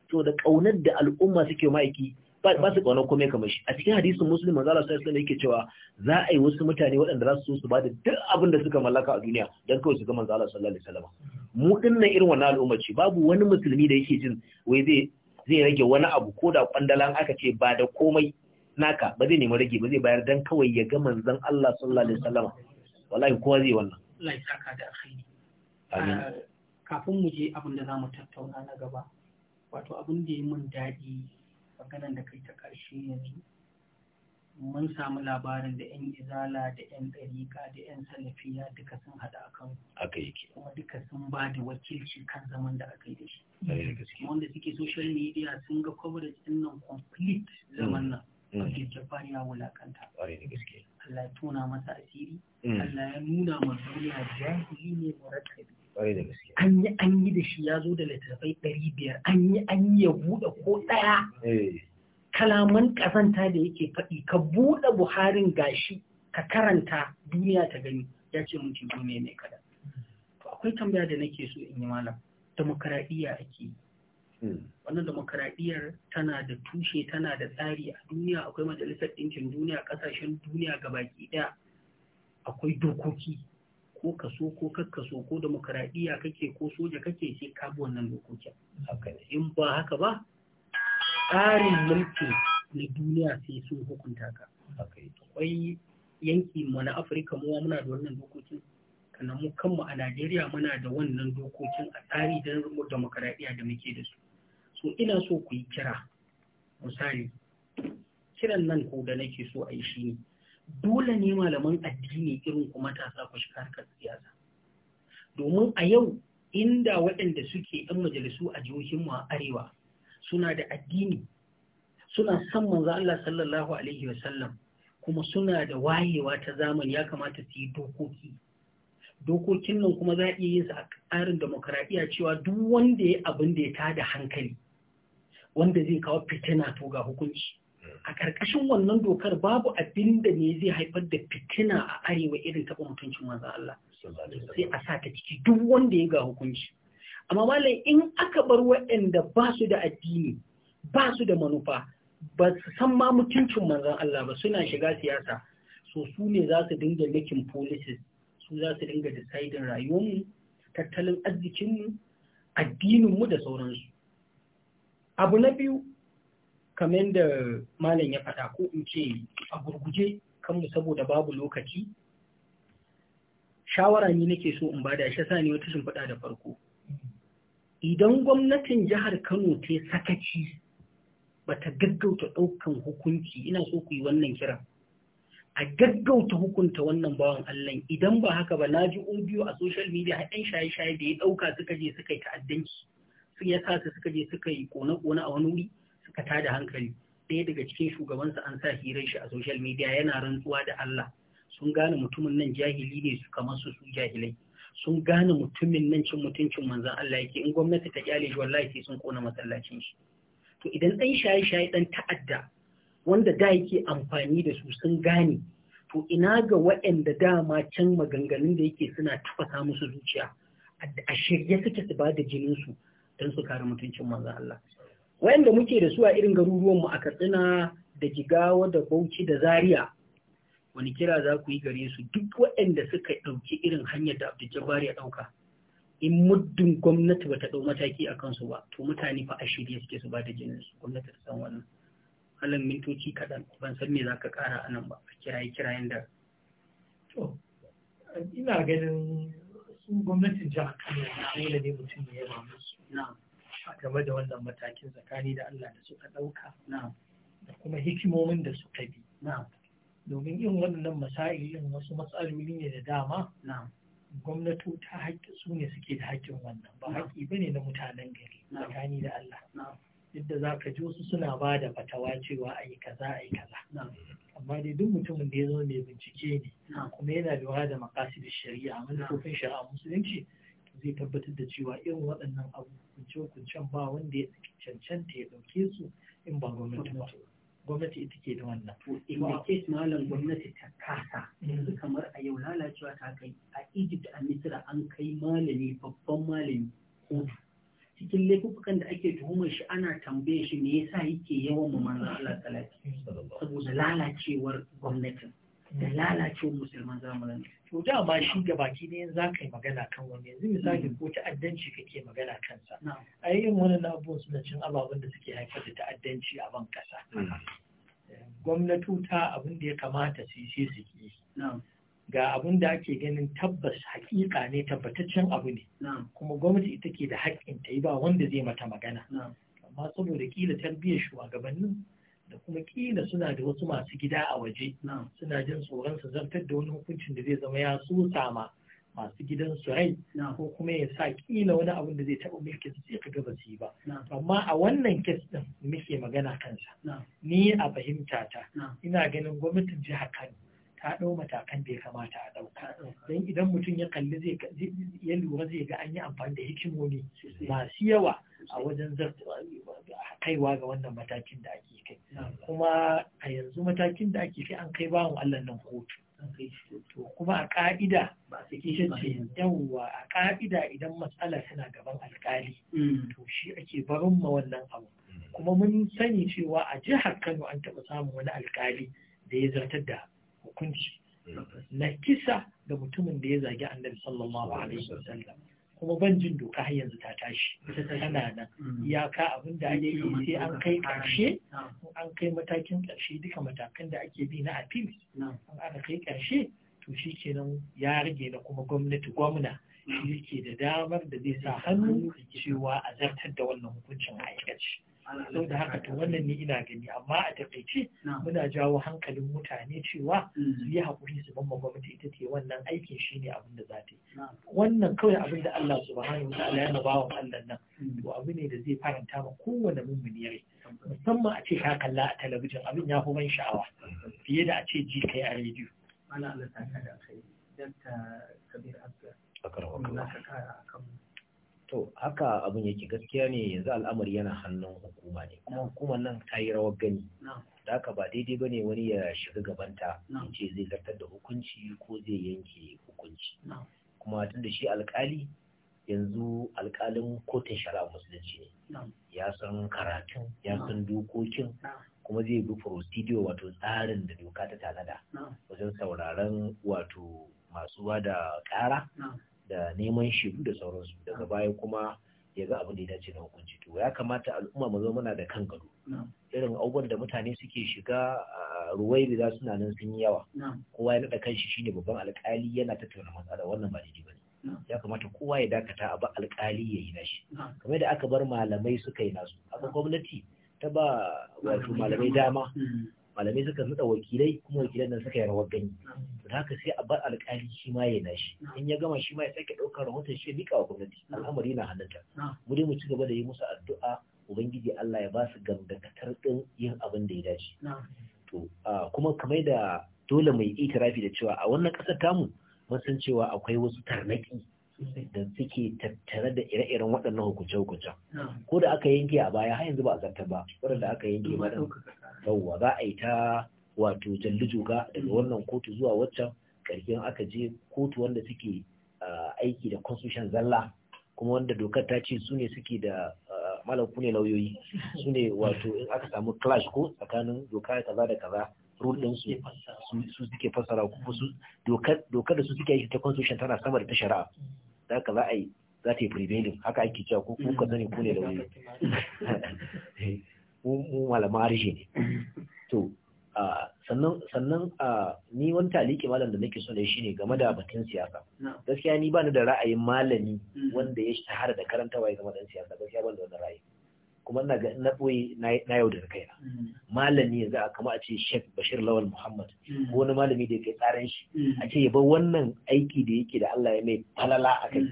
to da kaunar da al'umma suke ma'aiki ba su kaunar komai kamar shi a cikin hadisin muslim manzo Allah sallallahu alaihi yake cewa za a yi wasu mutane waɗanda za su so su bada duk abin da suka mallaka a duniya dan kawai su ga manzo Allah sallallahu alaihi wasallam mu dinnan irin wannan al'umma ce babu wani musulmi da yake jin wai zai zai rage wani abu ko da kwandalan aka ce ba da komai naka ba zai nemi rage ba zai bayar dan kawai ya ga manzon Allah sallallahu alaihi wasallam wallahi kowa zai wannan Allah ya saka da alkhairi amin ah, kafin mu je abin da za mu tattauna na gaba wato abin da ya mun daɗi maganan da kai ta ƙarshe yanzu mun samu labarin da 'yan izala da 'yan ɗariƙa da 'yan salafiya duka sun haɗa a kan kuma duka sun ba da wakilci kan zaman da aka yi da shi wanda suke social media sun ga coverage ɗin nan complete mm. zaman nan wakil mm. jafar ya wulakanta Allah ya tona masa asiri mm. Allah ya nuna ma duniya jahili ne murattabi an yi an yi da shi ya zo da littattafai ɗari biyar an yi an yi ya buɗe ko ɗaya eh. kalaman ƙazanta da yake faɗi ka buɗe buharin gashi ka karanta duniya ta gani ya ce mun ci duniya ne kada to akwai tambaya da nake so in yi malam demokaradiyya ake yi hmm. wannan demokaradiyyar tana da tushe tana da tsari a duniya akwai majalisar ɗinkin duniya ƙasashen duniya gabaki ɗaya akwai dokoki ko kaso ko kakkaso ko demokaradiyya kake ko soja kake sai ka bi wannan dokokin in ba haka ba tsarin mulki na duniya sai sun hukunta ka akwai yanki mu na afirka mu muna da wannan dokokin Kana mu kanmu a najeriya muna da wannan dokokin a tsari da demokaradiyya da muke da su so ina so ku yi kira misali kiran nan ko da nake so a yi shi ne dole ne malaman addini irin kuma ta sa ku shiga harkar siyasa domin a yau inda waɗanda suke ɗan majalisu a mu a arewa suna da addini suna son manzo Allah sallallahu alaihi wa sallam, kuma suna da wayewa ta zamani ya kamata su yi dokoki dokokin nan kuma za a iya yin su a tsarin demokradiyya cewa duk wanda ya abin da ya tada hankali wanda zai kawo fitina to ga hukunci a ƙarƙashin wannan dokar babu abin da ne zai haifar da fitina a arewa irin taɓa mutuncin manzan Allah sai a sa ta ciki duk wanda ya ga hukunci amma malai in aka bar waɗanda ba su da addini ba su da manufa ba su san ma mutuncin manzan Allah ba suna shiga siyasa so su ne za su dinga making policies su za su dinga deciding rayuwarmu tattalin arzikinmu addininmu da sauransu abu na biyu kamar da malam ya faɗa ko in ce a gurguje kanmu saboda babu lokaci shawara ne nake so in bada shi sa ne wata shimfiɗa da farko idan gwamnatin jihar kano ta sakaci ba ta gaggauta ɗaukan hukunci ina so ku yi wannan kira a gaggauta hukunta wannan bawan allah idan ba haka ba na ji audio a social media har ɗan shaye-shaye da ya ɗauka suka je suka yi ta'addanci su ya sa su suka je suka yi kone-kone a wani wuri suka tada hankali ɗaya daga cikin shugabansa an sa hirar shi a social media yana rantsuwa da Allah sun gane mutumin nan jahili ne su kamar su su jahilai sun gane mutumin nan cin mutuncin manzon Allah yake in gwamnati ta kyale shi wallahi sai sun kona masallacin shi to idan ɗan shaye-shaye ɗan ta'adda wanda da yake amfani da su sun gane to ina ga waɗanda dama can maganganun da yake suna tafasa musu zuciya a shirye suke su ba da su don su kare mutuncin manzon Allah wayanda muke da su a irin garuruwanmu a katsina da jigawa da bauchi da zaria wani kira za ku yi gare su duk waɗanda suka ɗauki irin hanyar da abdul jabbar ya ɗauka in muddin gwamnati ba ta ɗau mataki a kansu ba to mutane fa a shirye suke su ba da jinin su gwamnati ta san wannan halin mintoci kaɗan ban san me za ka ƙara a nan ba a kiraye kirayen da to ina ganin su gwamnatin jihar kano na ne mutum ya yaba musu na'am game da wannan matakin tsakani da Allah da suka ɗauka da kuma hikimomin da suka bi domin yin waɗannan masailin wasu matsaloli ne da dama gwamnato ta haƙƙi su ne suke da haƙƙin wannan ba haƙƙi ba ne na mutanen gari tsakani da Allah Yadda za ka ji wasu suna ba da fatawa cewa a yi kaza a yi kaza amma dai duk mutumin da ya zo mai bincike ne kuma yana lura da makasidin shari'a manufofin shari'a musulunci zai tabbatar da cewa irin waɗannan hukunce-hukuncen ba wanda ya cancanta ya ɗauke su in ba gwamnati ba gwamnati ita ke da wannan inda malam gwamnati ta kasa yanzu kamar a yau lalacewa ta kai a egypt a misira an kai malami babban malami kotu cikin laifukan da ake tuhumar shi ana tambaye shi me yasa yake yawan mu manzo Allah saboda lalacewar gwamnatin da lalacewar musulman zamanin to dama shi gabaki ne za ka yi magana kan wani yanzu misali ko ta'addanci kake magana kansa a yi yin wani abubuwan suna cin ababen da suke haifar da ta'addanci a ban kasa gwamnatuta abin da ya kamata su yi sai su yi ga abin da ake ganin tabbas hakika ne tabbataccen abu ne kuma gwamnati ita ke da haƙƙin ta yi ba wanda zai mata magana amma saboda kila tarbiyyar shugabannin da kuma kila suna da wasu masu gida a waje suna jin tsoron su zartar da wani hukuncin da zai zama ya tsusa ma masu gidan su rai ko kuma ya sa kila wani abin da zai taɓa mulkin sai ka ga su yi ba amma a wannan kes din muke magana kansa ni a fahimta ta ina ganin gwamnatin jihar Kano ta ɗau matakan da ya kamata a ɗauka don idan mutum ya kalli zai ya lura zai ga an yi amfani da hikimomi masu yawa a wajen kaiwa ga wannan matakin da ake kai kuma a yanzu matakin da ake kai an kai bawan Allah nan kotu kuma a ka'ida yawwa a ka'ida idan matsala suna gaban alkali mm. to shi ake barin ma wannan abu mm. kuma mun sani cewa a jihar Kano an taɓa samun wani alkali da ya zartar da hukunci mm. na kisa da mutumin da ya zagi annabi sallallahu alaihi wasallam kuma banjin doka har yanzu ta tashi ita ta tana nan mm. iyaka abin da ake yi sai an kai ƙarshe an kai matakin karshe duka matakan da ake bi na afil an aka kai ƙarshe to shi kenan ya rage na kuma gwamnati gwamna shi yake da damar da zai sa hannu mm. cewa a zartar da wannan hukuncin a aikace sau da haka to wannan ne ina gani amma a takaice muna jawo hankalin mutane cewa mm. su yi haƙuri su ban gwamnati ita ce wannan aikin shi ne abin da za ta yi wannan kawai abin da Allah subhanahu wa ta'ala ya ba wa Allah nan mm. to abu ne da zai faranta ma kowane mummuni yare musamman a ce ka kalla a talabijin abin ya fi ban sha'awa fiye da a ce ji kai a rediyo ana Allah ta kada kai kabir abdul to haka abin yake gaskiya ne yanzu al'amari yana hannun hukuma ne kuma hukumar nan ta yi rawar gani da haka ba daidai ba ne wani ya shiga gabanta ce zai zartar da hukunci ko zai yanke hukunci kuma tun shi alkali yanzu alkalin kotun shar'a musulunci ne ya san karatun ya san dokokin kuma zai bi prosidio wato tsarin da doka ta tanada wajen sauraron wato masu ba da ƙara da neman shiru da sauransu daga baya kuma ya ga abin da ya dace da hukunci to ya kamata al'umma mu zama muna da kan gado irin abubuwan da mutane suke shiga ah, ruwai da suna nan sun yi yawa kowa ya naɗa shi shine babban alƙali yana tattauna matsala wannan ba daidai ba ya kamata kowa ya dakata a ba alƙali ya yi nashi kamar da aka bar malamai suka yi nasu aka gwamnati ta ba wato malamai dama mm. malamai suka nada wakilai kuma wakilan nan suka yi rawar gani da haka sai a bar alƙali shi ma ya nashi in ya gama shi ma ya sake ɗaukar rahoton shi ya miƙa wa gwamnati al'amari na hannunta mu dai mu ci gaba da yi musu addu'a ubangiji Allah ya ba su katar ɗin yin abin da ya dace to kuma kamar da dole mai itirafi da cewa a wannan ƙasar tamu mun san cewa akwai wasu tarnaƙi da suke tattare da ire-iren waɗannan hukunce-hukuncen ko da aka yanke a baya har yanzu ba a zartar ba waɗanda aka yanke ba yawwa za a yi ta wato jallujuga daga wannan kotu zuwa waccan karshen aka je kotu wanda suke aiki da constitution zalla kuma wanda dokar ta ce su ne suke da malaku ne lauyoyi su ne wato in aka samu clash ko tsakanin doka kaza da kaza rudin su su suke fassara kuma su dokar da su suke aiki ta constitution tana sama da ta shari'a za ka za a yi za ta yi prevailing haka ake cewa ko kuka sani ku ne lauyoyi <laughs> mu malama harshe ne to sannan sannan ni wani taliki malam da nake so da shi ne game da batun siyasa gaskiya ni bani da ra'ayin malami mm. wanda ya shahara da karanta ya game dan siyasa gaskiya ban da wani ra'ayi kuma na na boye na yau da kaina mm. malami yanzu a kama a ce Sheikh Bashir Lawal Muhammad mm. ko wani malami da ya kai tsaran shi a ce ya bar wannan aiki da yake da Allah ya mai falala a kai.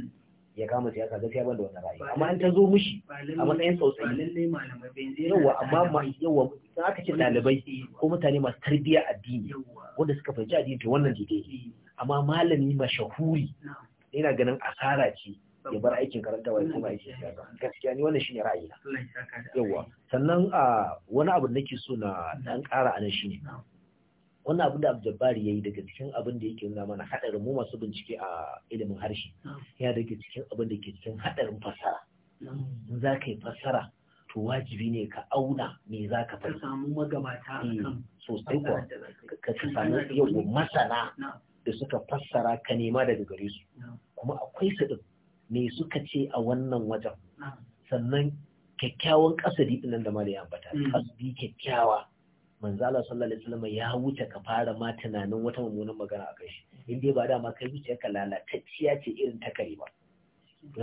ya kama siyasa ga ban da wannan ra'ayi amma an ta zo mushi a matsayin tsautsayi yawa amma ma yawa sun aka ce dalibai ko mutane masu tarbiyya addini wanda suka fahimci addini to wannan daidai amma malami mashahuri yana ganin asara ce ya bar aikin karanta wai kuma aikin siyasa gaskiya ni wannan shine ra'ayina yawa sannan a ah, wani abu nake so na dan ƙara anan shine wannan abin da abdullabari ya yi daga cikin abin da yake nuna mana haɗarin mu masu bincike a ilimin harshe ya daga cikin abin da ke cikin haɗarin fassara in za ka yi fassara to wajibi ne ka auna me za ka fara. ka samu magabata hmm, sosai kuwa ka samu yau masana da suka fassara ka nema daga gare su kuma akwai su ɗin me suka ce a wannan wajen sannan kyakkyawan kasadi ɗin da mara ya ambata hmm. kyakkyawa manzo Allah sallallahu alaihi wasallam ya wuce ka fara ma tunanin wata mummunan magana a kai shi in dai ba dama kai ka lalatacciya ce irin ta kare ba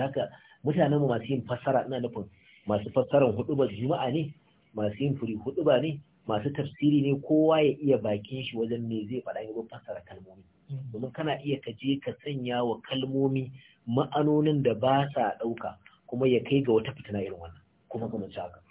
haka mutanen mu masu yin fassara ina nufin masu fassaran hudu ba juma'a ne masu yin furi hudu ba ne masu tafsiri ne kowa ya iya bakin shi wajen me zai faɗa ya fassara kalmomi domin kana iya ka je ka sanya wa kalmomi ma'anonin da ba sa ɗauka kuma ya kai ga wata fitina irin wannan kuma kuma haka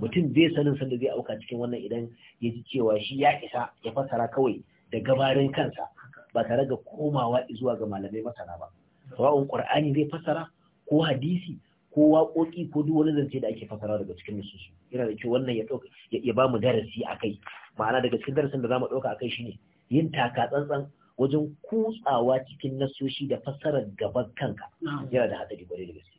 mutum zai sanin sanda zai auka cikin wannan idan ya ji cewa shi ya isa ya fasara kawai da gabarin kansa ba tare da komawa zuwa ga malamai masana ba sawa'un qur'ani zai fasara ko hadisi ko waƙoƙi ko duk wani zance da ake fasara daga cikin nususu yana da kyau wannan ya ya ba mu darasi a kai ma'ana daga cikin darasin da za mu a kai shi ne yin taka tsantsan wajen kutsawa cikin nasoshi da fassarar gaban kanka yana da hadari bare da gaske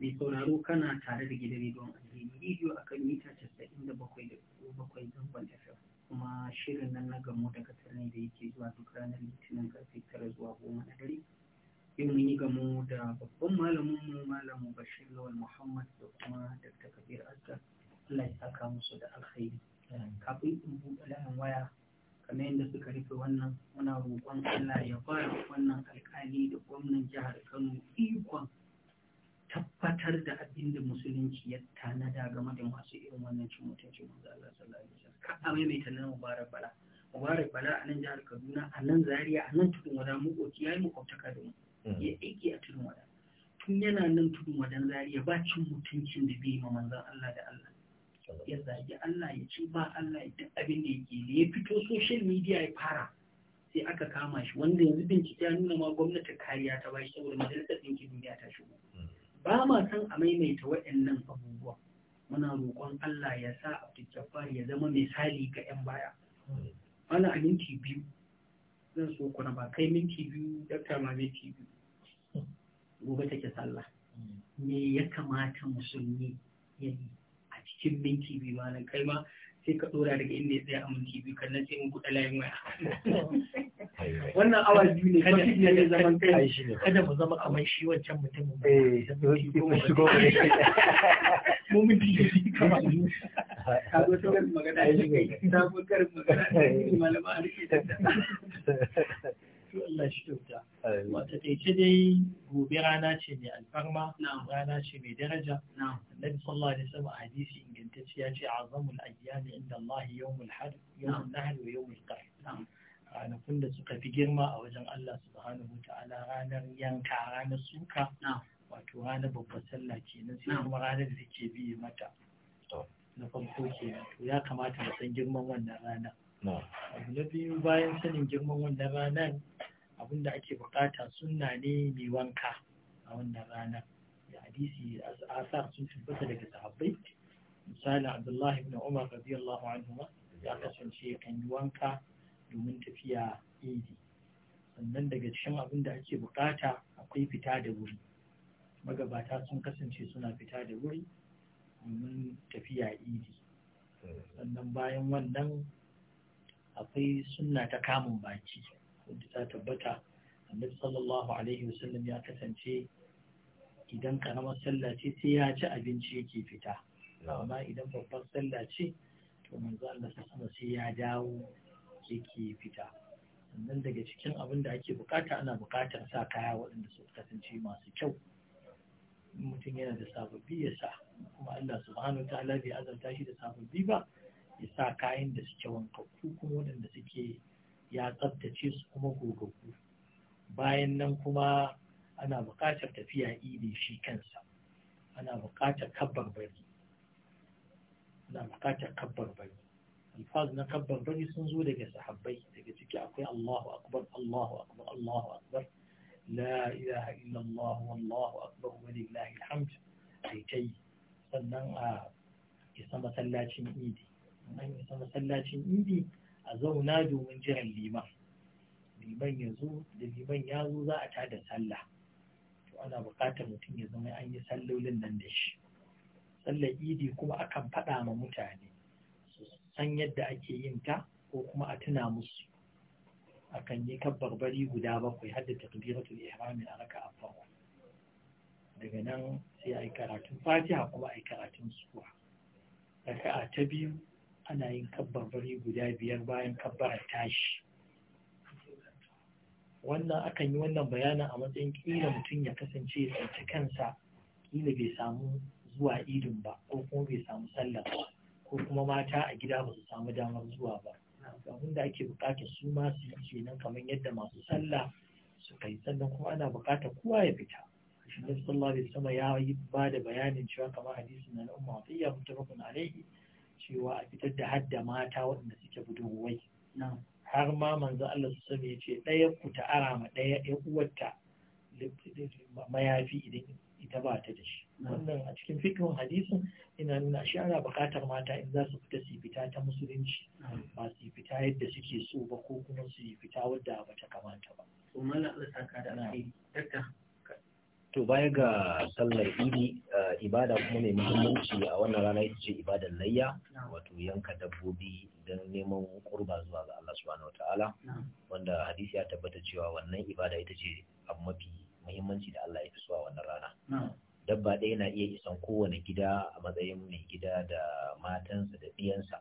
mai sauraro kana tare da gidan rediyon addini rediyo a kan mita casa'in da zangon fm kuma shirin nan na gamo daga tarni da yake zuwa duk ranar litinin karfe tara zuwa 10 na dare yau mun yi gamo da babban malamin mu malamin bashir lawal muhammad da kuma dr kabir azgar allah ya saka musu da alkhairi kafin in buɗe layin waya kamar yadda suka rufe wannan muna roƙon allah ya ba wannan alkali da gwamnan jihar kano ikon tabbatar da abin da musulunci ya tanada game da masu irin wannan cin mutunci manzo Allah sallallahu alaihi wasallam ka a maimaita na mubarak bala mubarak bala a nan jihar Kaduna a nan Zaria a nan tudun wada mu koki yayi mu da mu mm. ya aiki a tudun wada tun yana nan tudun wadan Zaria ba cin mutuncin da bai ma manzon Allah da Allah mm. ya zagi Allah ya ci ba Allah ya duk abin da yake ne ya fito social media ya fara sai aka kama shi wanda yanzu bincike ya nuna ma gwamnati kariya ta bashi saboda majalisar ɗinkin duniya ta shigo mm. ba ma san a maimaita waɗannan abubuwa muna roƙon Allah ya sa Abdul ya zama misali ga 'yan baya ana a minti biyu zan so kuna ba kai minti biyu ya ma minti biyu gobe take sallah mm. me ya kamata musulmi ya yi cikin minti ma malam kai ma sai ka dora daga inda ya tsaya a mun biyu kan nan sai mun buɗe layin waya wannan awa biyu ne kada shi ne zaman kai kada mu zama kamar shi wancan mutumin mu Mun biyu kamar ka zo ta magana shi kai ta fi magana malama a rike ta <laughs> karatu Allah shi Wata taice dai gobe rana ce mai alfarma, rana ce mai daraja. Annabi sallallahu alaihi wasallam a hadisi ingantacce ya ce azamul ayyami inda Allah yawmul had yawmul nahl wa yawmul qadr. Ranakun da suka fi girma a wajen Allah subhanahu wa ta'ala ranar yanka ranar suka. Wato ranar babbar sallah kenan sai kuma ranar da ke biye mata. Na farko kenan to ya kamata mu san girman wannan rana. abu na biyu bayan sanin girman wannan ranar da ake bukata sunna ne mai wanka a wannan ranar da hadisi asar sun tabbata daga sahabbai misali abdullahi ibn umar radiyallahu anhu ya kasance kan yi wanka domin tafiya idi sannan daga cikin abin da ake bukata akwai fita da wuri magabata sun kasance suna fita da wuri domin tafiya idi sannan bayan wannan akwai sunna ta kamun baki wadda ta tabbata annabi sallallahu alaihi wasallam ya kasance idan karamar sallah ce sai ya ci abinci yake fita amma idan babbar sallah ce to manzo Allah sama sai ya dawo yake fita sannan daga cikin abin da ake bukata ana bukatar sa kaya waɗanda suka kasance masu kyau mutum yana da sababbi ya sa kuma Allah subhanahu wa ta'ala bai azanta shi da sababbi ba ya sa kayan da suke wankakku kuma waɗanda suke ya tsabtace su kuma gogaggu bayan nan kuma ana buƙatar tafiya idi shi kansa ana buƙatar kabbar bari ana buƙatar kabbar bari alfaz na kabbar bari sun zo daga sahabbai daga ciki akwai Allahu akbar Allahu akbar Allahu akbar la ilaha illa Allah wallahu akbar wa lillahi alhamd sai tai sannan a isa masallacin idi an isa masallacin idi a zauna domin jiran liman liman ya zo da liman ya zo za a tada sallah to ana buƙatar mutum ya zama an yi sallolin nan da shi sallar idi kuma akan faɗa ma mutane su san yadda ake yin ta ko kuma a tuna musu akan yi kabbar bari guda bakwai har da takbiratul ihrami a raka'a farko daga nan sai a yi karatun fatiha kuma a yi karatun suwa raka'a ta biyu ana yin kabbar bari guda biyar bayan kabbarar tashi wannan akan yi wannan bayanin a matsayin kila mutum ya kasance ya tsanci kansa kila bai samu zuwa idin ba ko kuma bai samu sallah ba ko kuma mata a gida ba su samu damar zuwa ba abin da ake bukata su ma su yi kenan kamar yadda masu sallah sukayi kai sannan kuma ana bukata kowa ya fita annabi sallallahu alaihi wasallam ya yi ba da bayanin cewa kamar hadisin na umma ya mutafakun alaihi cewa a fitar da hadda mata waɗanda suke budurwai har ma manzo Allah su sani ya ce ɗaya ku ta ara ma ɗaya ɗaya uwarta mayafi idan ita ba ta da shi wannan a cikin fikin hadisin ina nuna shi ana buƙatar mata in za su fita su fita ta musulunci ba su fita yadda suke so ba ko kuma su fita wadda ba ta kamata ba. Umar Allah saka da yi. to baya ga sallar idi eh, ibada kuma mai muhimmanci a wannan rana ita ce ibadar layya wato yanka dabbobi don neman kurba zuwa ga Allah subhanahu wataala wanda hadisi ya tabbata cewa wannan ibada ita ce abu mafi muhimmanci da Allah ya fi so a wannan rana dabba ɗaya na iya isan kowane gida a matsayin mai gida da matansa da ɗiyansa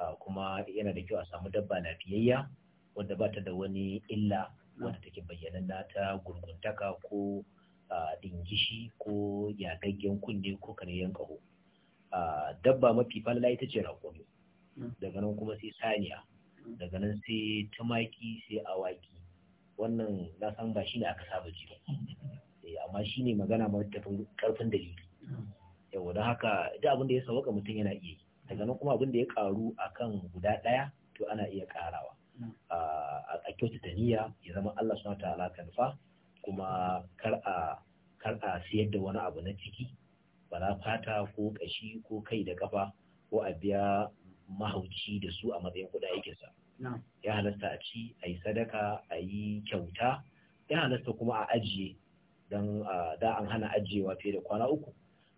ah, kuma yana da kyau a samu dabba lafiyayya wanda ba ta da wani illa Wanda take na ta gurguntaka ko dingishi ko yagaggen kunne ko karyan kaho dabba mafi falala ita ce rakumi mm. daga nan kuma sai saniya mm. daga nan sai tumaki sai awaki wannan na san ba shi ne aka saba ji mm. eh, amma shi ne magana matafin karfin dalili yau da haka da abin da ya sauka mutum yana iya yi daga nan kuma abin da ya karu kan guda ɗaya to ana iya karawa a kyautata niyya ya zama Allah subhanahu wa ta'ala kanfa kuma kar a kar a siyar da wani abu na ciki bala fata ko kashi ko kai da kafa ko a biya mahauci da su a matsayin kuɗa sa ya halasta a ci a yi sadaka a yi kyauta ya halasta kuma a ajiye don da an hana ajiyewa fiye da kwana uku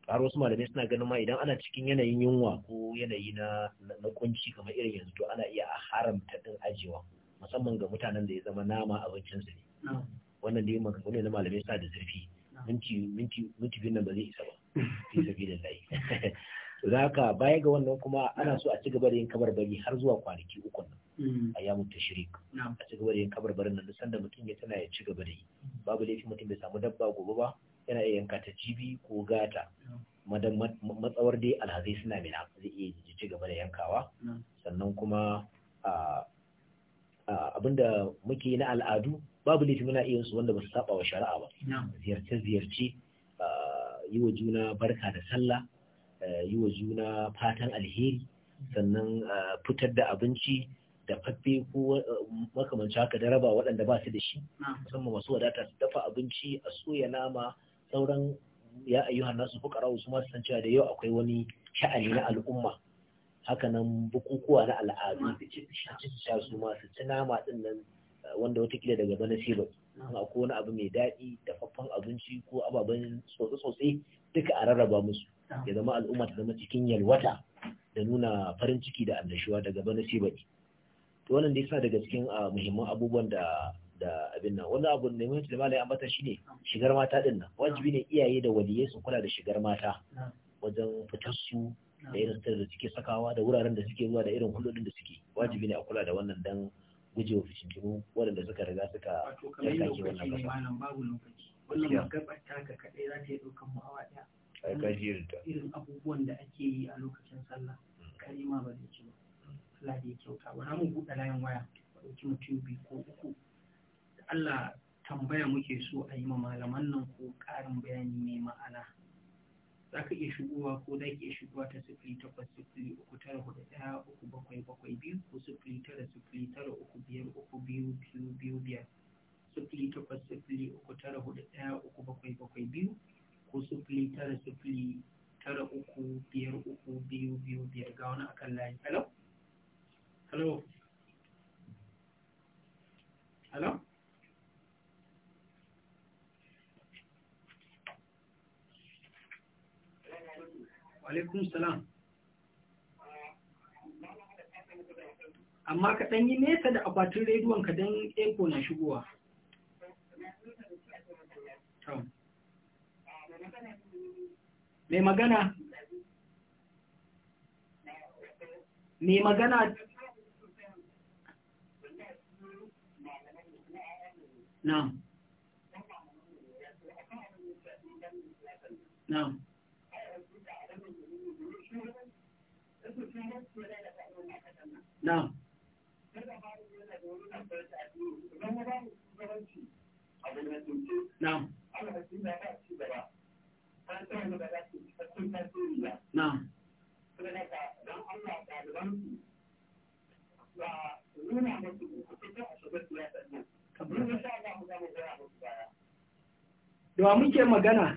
har wasu malamai suna ganin ma idan ana cikin yanayin yunwa ko yanayi na na kunci kamar irin yanzu to ana iya a haramta din ajiyewa musamman ga mutanen da ya zama nama abincinsu ne wannan maka maganganu na malamai sa da zurfi minti minti minti biyu nan ba zai isa ba fi sabi da layi <laughs> to da baya ga wannan kuma ana so a ci gaba da yin bari har zuwa kwanaki uku nan mm. a yamun tashrik a ci gaba da yin kabarbarin nan sanda mutum ya tana ya ci gaba da yi babu laifi mutum bai samu dabba gobe ba yana iya yanka ta jibi ko gata matsawar dai alhazai suna mina zai iya ci gaba da yankawa sannan kuma abinda muke na al'adu babu laifi muna iya su wanda ba su saba wa shari'a ba ziyarce ziyarce yi wa juna barka da sallah yi wa juna fatan alheri sannan fitar da abinci da faffe ko makamanci haka da raba waɗanda ba su da shi musamman masu wadata su dafa abinci a soya nama sauran ya ayyuka nasu fukara su ma san cewa da yau akwai wani sha'ani na al'umma hakanan bukukuwa na al'adu su ci su ma su ci nama din nan wanda wata watakila daga bana sai ba amma ko wani abu mai daɗi faffan abinci ko ababen tsotse-tsotse duka a rarraba musu ya zama al'umma ta zama cikin yalwata da nuna farin ciki da annashuwa daga bana sai baki to wannan dai sa daga cikin ah, muhimman abubuwan da da abin nan wani abu ne mai da an bata shine shigar mata din nan wajibi ne iyaye da waliyai su kula da shigar mata wajen fitar su da irin da suke sakawa da wuraren da suke zuwa da irin hulɗoɗin da suke wajibi ne a kula da wannan dan guje wa fitintunu waɗanda suka riga suka tsarkake wannan ƙasa. Malam babu lokaci. Wannan magabar taka kaɗai za ta yi ɗaukan mu awa ɗaya. Ai ka ji Irin abubuwan da ake yi a lokacin sallah mm. kalima ba zai ci ba. Allah da ya kyauta ba. Ramu buɗe layin waya ba ɗauki mutum biyu ko uku. Allah tambaya muke so a yi ma malaman nan ko ƙarin bayani mai ma'ana. za ka iya shigowa ko za ka iya shigowa ta sifili takwas sifili uku tara hudu ɗaya uku bakwai bakwai biyu ko sifili tara sifili tara uku biyar uku biyu biyu biyu biyar sifili takwas sifili uku tara hudu ɗaya uku bakwai bakwai biyu ko sifili tara sifili tara uku biyar uku biyu biyu biyar ga wani akan layi hello hello hello alaikum salam amma ka ɗan yi nesa da akwatin rediyon ka don eko na shigowa mai magana mai magana na na Na'am. Na'am. Na'am. Da muke magana?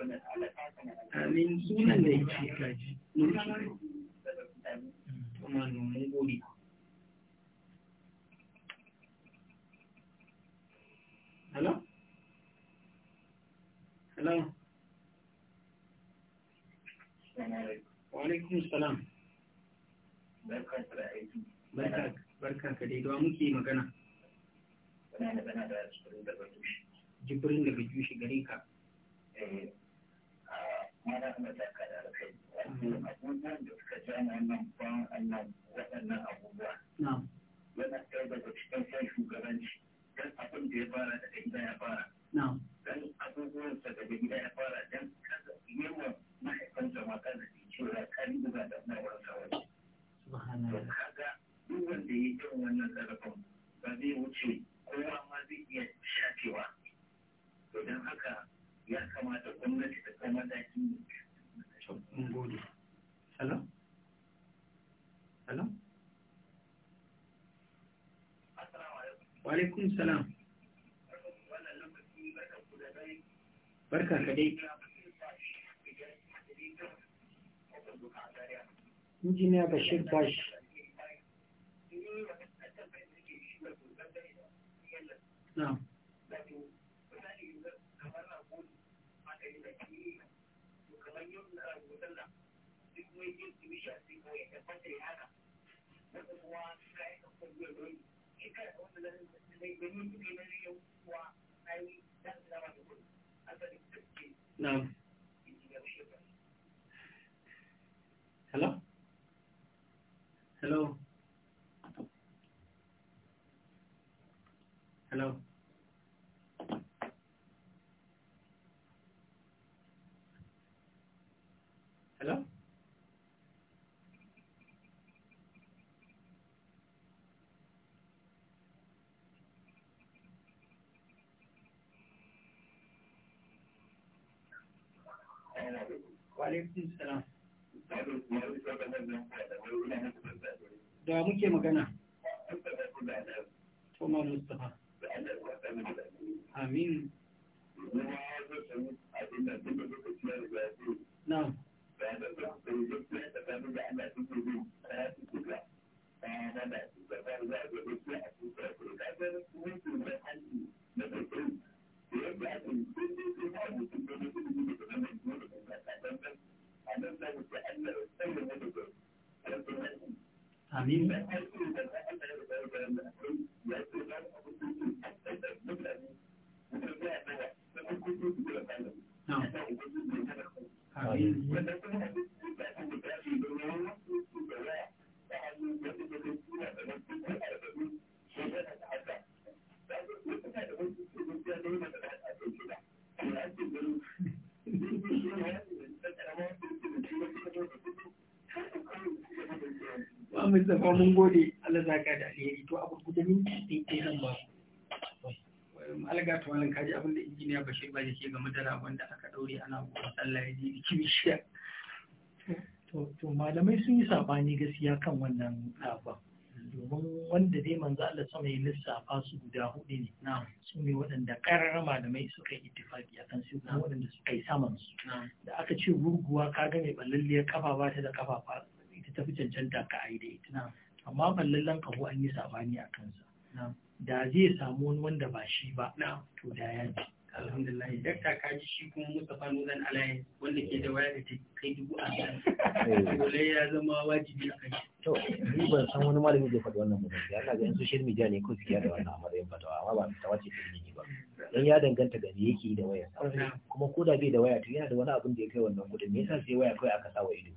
amin sunan da yake kaji kuma mun gode hello hello wa alaikum salam barka ka dai da muke magana jibrin daga jushi gare ka mana abubuwan da suka waɗannan abubuwa shugabanci gida ya fara duk wanda wannan wuce kowa ma zai iya to don haka ya kamata gwamnati ta kai mataki mun gode hello hello wa alaikum salam barka ka dai injiniya bashir bashi na'am Na'am. Hello? Hello? Hello? alaikum salam da muke magana to Mustapha. amin Na. Thank Amin. Amin. Muhammad mun gode Allah ka da alheri to abu guda minti ɗaya nan ba alga wannan kaji abin da injiniya Bashir ba yake game da rabon da aka daure ana gobe Allah ya ji biki bishiya to malamai sun yi sabani gaskiya kan wannan ba. domin wanda dai manzo Allah sama ya lissafa su guda hudu ne su ne waɗanda ƙararra malamai suka yi ittifaki a kan su waɗanda suka yi saman su da aka ce gurguwa ka ga mai ballalliyar kafa ba ta da kafa ita tafi cancanta ka ai da ita amma ballallen kaho an yi sabani a kansa da zai samu wani wanda ba shi ba to da ya ji alhamdulillah idan ka kaji shi kuma mustapha nuzan alayi wanda ke da waya da ta kai dubu a dole eh. ya zama wajibi a kai to ni ban san wani malami zai faɗi wannan mutum ya ga yan social media ne ko fiye da wannan amaryan fatawa amma ba ta wace ta gini ba dan ya danganta ga me yake da waya kuma ko da bai da waya to yana da wani abin da ya kai wannan kudin me yasa sai waya kawai aka sa wa ido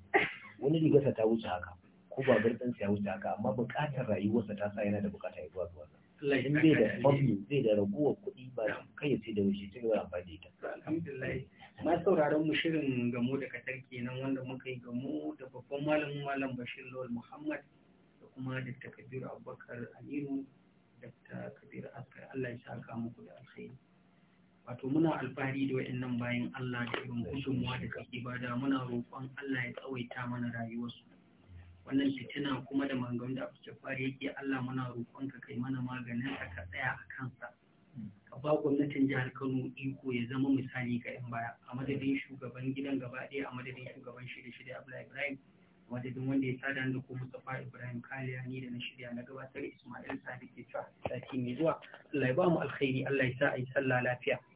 wani rigarsa ta wuce haka ko babur ɗinsa ya wuce haka amma buƙatar rayuwarsa ta sa yana da buƙata ya zuwa zuwa in bai da hobby zai da raguwar kuɗi ba kai ya sai da wuce ci gaba amfani da ita alhamdulillah ma sauraron mu shirin gamo da katar kenan wanda muka yi gamo da babban malamin malam bashir lawal muhammad da kuma dr kabiru abubakar aminu dr kabiru askar allah ya sa saka muku da alkhairi wato muna alfahari da wa'annan bayan allah da irin gudunmuwa da kake bada muna roƙon allah ya tsawaita mana rayuwarsu wannan fitina kuma da mangan da kuke fari yake Allah muna ka kai mana maganin ka ka tsaya a kansa ka ba gwamnatin jihar Kano iko ya zama misali ga yan baya a madadin shugaban gidan gaba ɗaya a madadin shugaban shirye shirye Abdullahi Ibrahim a madadin wanda ya sada da ko Mustafa Ibrahim Kaliya ni da na shirya na gabatar Ismail Sadiq ke cewa sati mai zuwa Allah ya ba mu alkhairi Allah ya sa a yi sallah lafiya